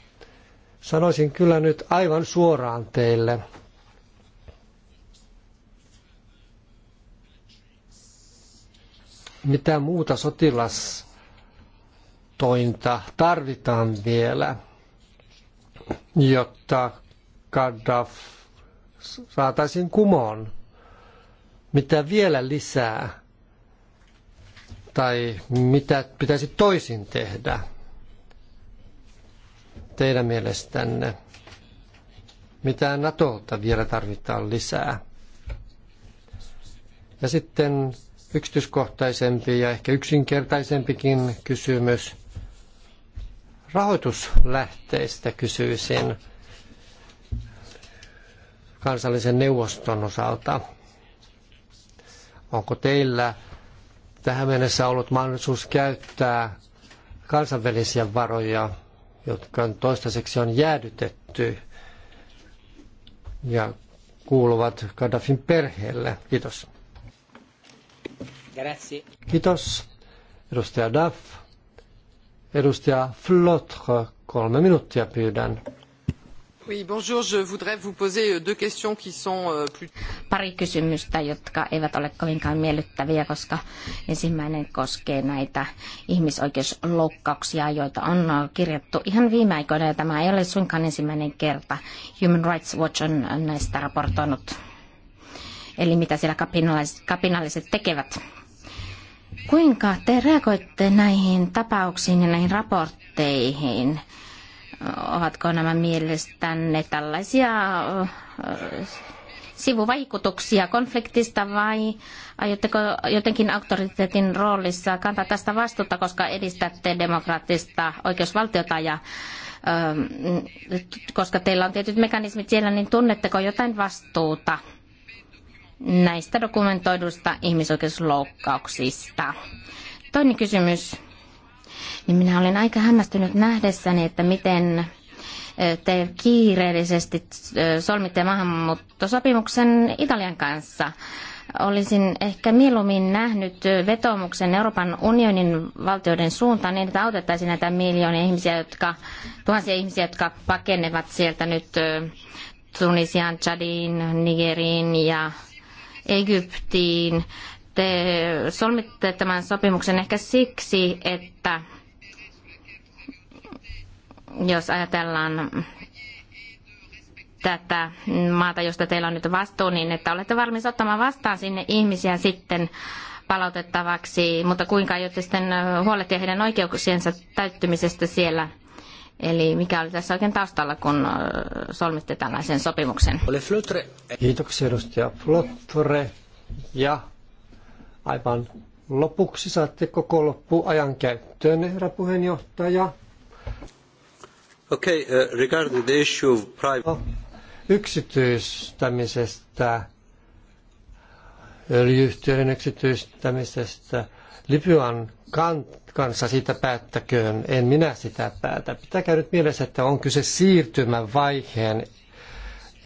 sanoisin kyllä nyt aivan suoraan teille, mitä muuta sotilastointa tarvitaan vielä, jotta Gaddaf saataisiin kumoon? Mitä vielä lisää? Tai mitä pitäisi toisin tehdä teidän mielestänne? Mitä NATOlta vielä tarvitaan lisää? Ja sitten yksityiskohtaisempi ja ehkä yksinkertaisempikin kysymys. Rahoituslähteistä kysyisin kansallisen neuvoston osalta. Onko teillä tähän mennessä ollut mahdollisuus käyttää kansainvälisiä varoja, jotka toistaiseksi on jäädytetty ja kuuluvat Gaddafin perheelle? Kiitos. Grazie. Kiitos. Edustaja Duff. Edustaja Flotre, kolme minuuttia pyydän. Oui, bonjour, je voudrais vous poser euh, deux questions qui sont euh, plus... Pari kysymystä, jotka eivät ole kovinkaan miellyttäviä, koska ensimmäinen koskee näitä ihmisoikeusloukkauksia, joita on kirjattu ihan viime aikoina, ja tämä ei ole suinkaan ensimmäinen kerta. Human Rights Watch on näistä raportoinut, eli mitä siellä kapinalliset tekevät Kuinka te reagoitte näihin tapauksiin ja näihin raportteihin? Ovatko nämä mielestänne tällaisia äh, sivuvaikutuksia konfliktista vai aiotteko jotenkin auktoriteetin roolissa kantaa tästä vastuuta, koska edistätte demokraattista oikeusvaltiota ja ähm, koska teillä on tietyt mekanismit siellä, niin tunnetteko jotain vastuuta näistä dokumentoiduista ihmisoikeusloukkauksista. Toinen kysymys. Niin minä olin aika hämmästynyt nähdessäni, että miten te kiireellisesti solmitte maahanmuuttosopimuksen Italian kanssa. Olisin ehkä mieluummin nähnyt vetoomuksen Euroopan unionin valtioiden suuntaan niin, että autettaisiin näitä miljoonia ihmisiä, jotka, tuhansia ihmisiä, jotka pakenevat sieltä nyt Tunisiaan, Chadiin, Nigeriin ja Egyptiin. Te solmitte tämän sopimuksen ehkä siksi, että jos ajatellaan tätä maata, josta teillä on nyt vastuu, niin että olette valmis ottamaan vastaan sinne ihmisiä sitten palautettavaksi, mutta kuinka aiotte sitten huolehtia heidän oikeuksiensa täyttymisestä siellä – Eli mikä oli tässä oikein taustalla, kun solmitte tällaisen sopimuksen? Kiitoksia edustaja flutre Ja aivan lopuksi saatte koko ajan käyttöön, herra puheenjohtaja. Okay, uh, regarding the issue of private... No, yksityistämisestä, öljyhtiöiden yksityistämisestä, Libyan kanssa siitä päättäköön, en minä sitä päätä. Pitäkää nyt mielessä, että on kyse siirtymävaiheen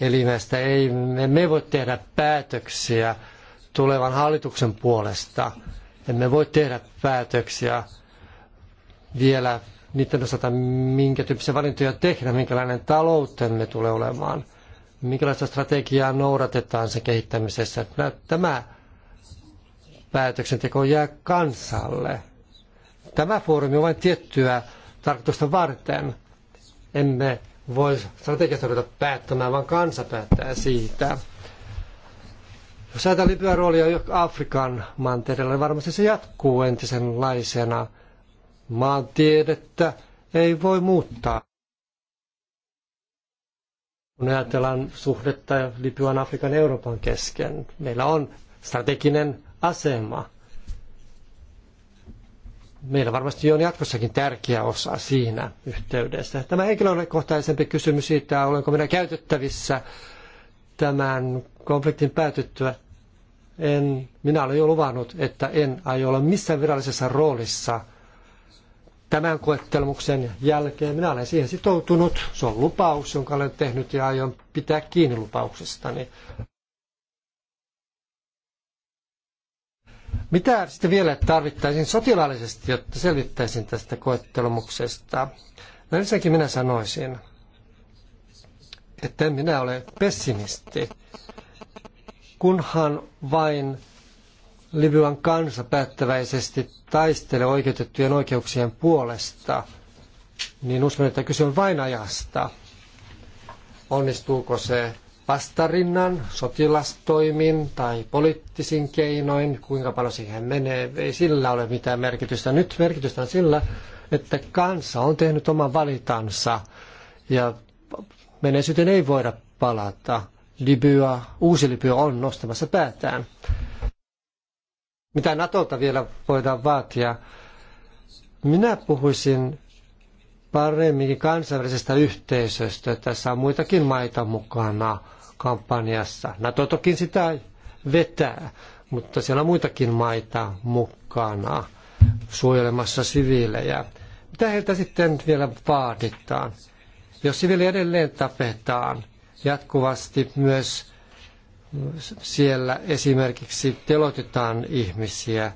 elimestä. Ei, me voi tehdä päätöksiä tulevan hallituksen puolesta. Emme voi tehdä päätöksiä vielä niiden osalta, minkä tyyppisiä valintoja tehdään, minkälainen taloutemme tulee olemaan, minkälaista strategiaa noudatetaan sen kehittämisessä. Tämä päätöksenteko jää kansalle. Tämä foorumi on vain tiettyä tarkoitusta varten. Emme voi strategiasta ruveta päättämään, vaan kansa päättää siitä. Jos ajatellaan Libyan roolia Afrikan mantereella, niin varmasti se jatkuu entisenlaisena. Maantiedettä ei voi muuttaa. Kun ajatellaan suhdetta Libyan, Afrikan ja Euroopan kesken, meillä on strateginen asema. Meillä varmasti on jatkossakin tärkeä osa siinä yhteydessä. Tämä henkilökohtaisempi kysymys siitä, olenko minä käytettävissä tämän konfliktin päätyttyä. En, minä olen jo luvannut, että en aio olla missään virallisessa roolissa tämän koettelmuksen jälkeen. Minä olen siihen sitoutunut. Se on lupaus, jonka olen tehnyt ja aion pitää kiinni lupauksestani. Mitä sitten vielä tarvittaisiin sotilaallisesti, jotta selvittäisin tästä koettelemuksesta? No ensinnäkin minä sanoisin, että en minä ole pessimisti, kunhan vain Libyan kansa päättäväisesti taistelee oikeutettujen oikeuksien puolesta, niin uskon, että kyse on vain ajasta. Onnistuuko se vastarinnan sotilastoimin tai poliittisin keinoin, kuinka paljon siihen menee, ei sillä ole mitään merkitystä. Nyt merkitystä on sillä, että kansa on tehnyt oman valintansa ja menneisyyteen ei voida palata. Libya, uusi Libya on nostamassa päätään. Mitä Natolta vielä voidaan vaatia? Minä puhuisin paremminkin kansainvälisestä yhteisöstä. Tässä on muitakin maita mukana kampanjassa. NATO toki sitä vetää, mutta siellä on muitakin maita mukana suojelemassa siviilejä. Mitä heiltä sitten vielä vaaditaan? Jos siviili edelleen tapetaan jatkuvasti myös siellä esimerkiksi telotetaan ihmisiä,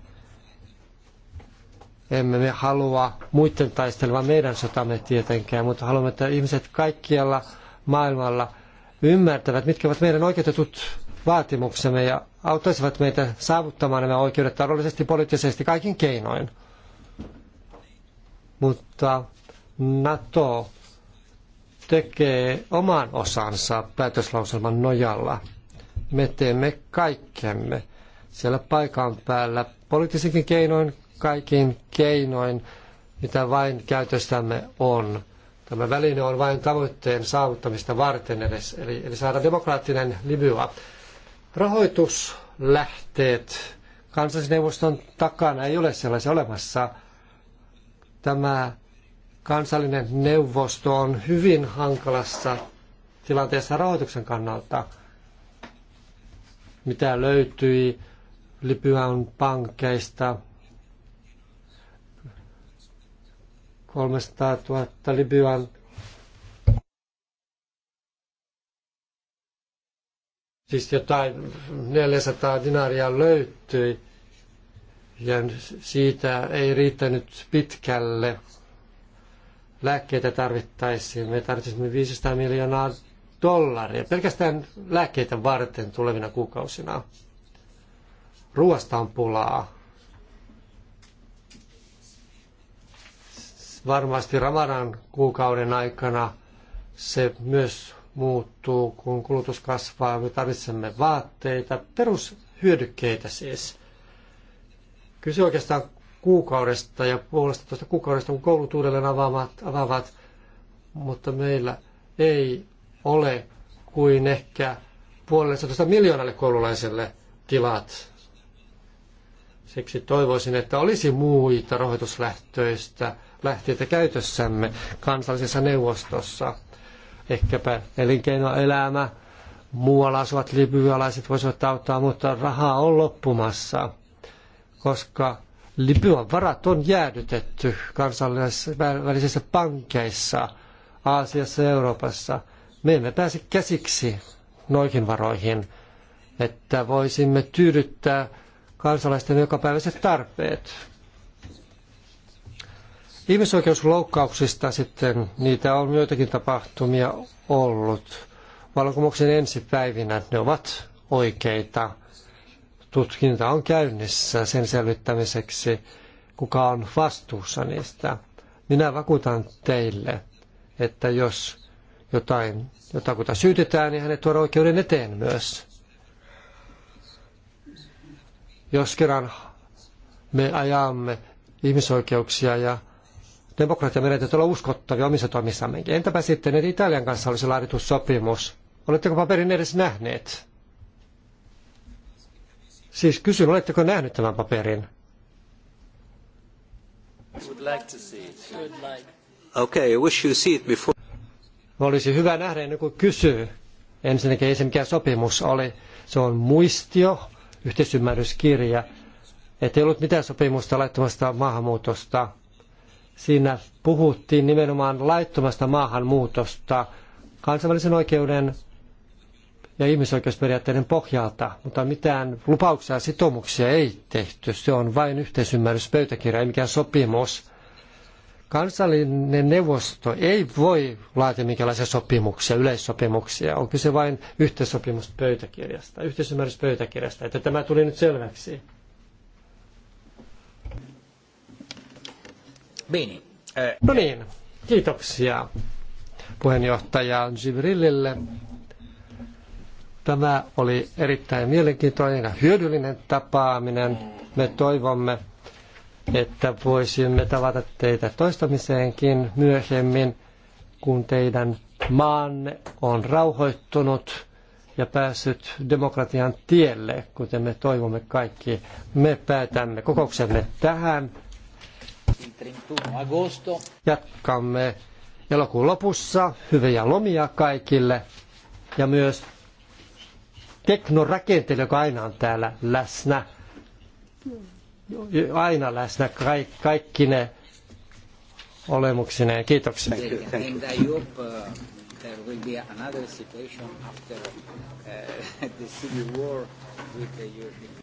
emme me halua muiden taistelua meidän sotamme tietenkään, mutta haluamme, että ihmiset kaikkialla maailmalla – ymmärtävät, mitkä ovat meidän oikeutetut vaatimuksemme ja auttaisivat meitä saavuttamaan nämä oikeudet taloudellisesti, poliittisesti, kaikin keinoin. Mutta NATO tekee oman osansa päätöslauselman nojalla. Me teemme kaikkemme siellä paikan päällä poliittisinkin keinoin, kaikin keinoin, mitä vain käytöstämme on. Tämä väline on vain tavoitteen saavuttamista varten eli, eli saada demokraattinen Libya. Rahoituslähteet kansallisneuvoston takana ei ole sellaisia olemassa. Tämä kansallinen neuvosto on hyvin hankalassa tilanteessa rahoituksen kannalta, mitä löytyi Libyan pankeista, 300 000 Libyan siis jotain 400 dinaria löytyi ja siitä ei riittänyt pitkälle. Lääkkeitä tarvittaisiin. Me tarvitsisimme 500 miljoonaa dollaria pelkästään lääkkeitä varten tulevina kuukausina. Ruoasta on pulaa. varmasti Ramadan kuukauden aikana se myös muuttuu, kun kulutus kasvaa. Me tarvitsemme vaatteita, perushyödykkeitä siis. Kyse oikeastaan kuukaudesta ja puolesta tuosta kuukaudesta, kun koulut uudelleen avaavat, avaavat, mutta meillä ei ole kuin ehkä puolesta miljoonalle koululaiselle tilat. Siksi toivoisin, että olisi muita rahoituslähtöistä lähteitä käytössämme kansallisessa neuvostossa. Ehkäpä elinkeinoelämä, muualla asuvat libyalaiset voisivat auttaa, mutta rahaa on loppumassa, koska Libyan varat on jäädytetty kansainvälisissä pankeissa Aasiassa ja Euroopassa. Me emme pääse käsiksi noihin varoihin, että voisimme tyydyttää kansalaisten jokapäiväiset tarpeet. Ihmisoikeusloukkauksista sitten niitä on joitakin tapahtumia ollut. Vallankumouksen ensipäivinä ne ovat oikeita. Tutkinta on käynnissä sen selvittämiseksi, kuka on vastuussa niistä. Minä vakuutan teille, että jos jotain, jotakuta syytetään, niin hänet tuodaan oikeuden eteen myös. Jos kerran me ajamme ihmisoikeuksia ja demokratia meidän täytyy olla uskottavia omissa toimissamme. Entäpä sitten, että Italian kanssa olisi laadittu sopimus? Oletteko paperin edes nähneet? Siis kysyn, oletteko nähnyt tämän paperin? Okay, I wish you see it before. Olisi hyvä nähdä ennen kuin kysyy. Ensinnäkin ei se mikään sopimus oli. Se on muistio, yhteisymmärryskirja. Että ei ollut mitään sopimusta laittomasta maahanmuutosta Siinä puhuttiin nimenomaan laittomasta maahanmuutosta kansainvälisen oikeuden ja ihmisoikeusperiaatteiden pohjalta, mutta mitään lupauksia ja sitoumuksia ei tehty. Se on vain yhteisymmärrys pöytäkirja, ei mikään sopimus. Kansallinen neuvosto ei voi laatia minkälaisia sopimuksia, yleissopimuksia. On kyse vain yhteisopimuspöytäkirjasta, yhteisymmärryspöytäkirjasta, että tämä tuli nyt selväksi. Bene. Eh... No niin, kiitoksia puheenjohtaja Gibrillille. Tämä oli erittäin mielenkiintoinen ja hyödyllinen tapaaminen. Me toivomme, että voisimme tavata teitä toistamiseenkin myöhemmin, kun teidän maanne on rauhoittunut ja päässyt demokratian tielle, kuten me toivomme kaikki. Me päätämme kokouksemme tähän. Jatkamme elokuun lopussa. Hyviä lomia kaikille ja myös teknorakenteelle, joka aina on täällä läsnä. Aina läsnä kaik, kaikki ne olemuksineen. Kiitoksia. Uh, there will be another situation after uh, the civil war with the European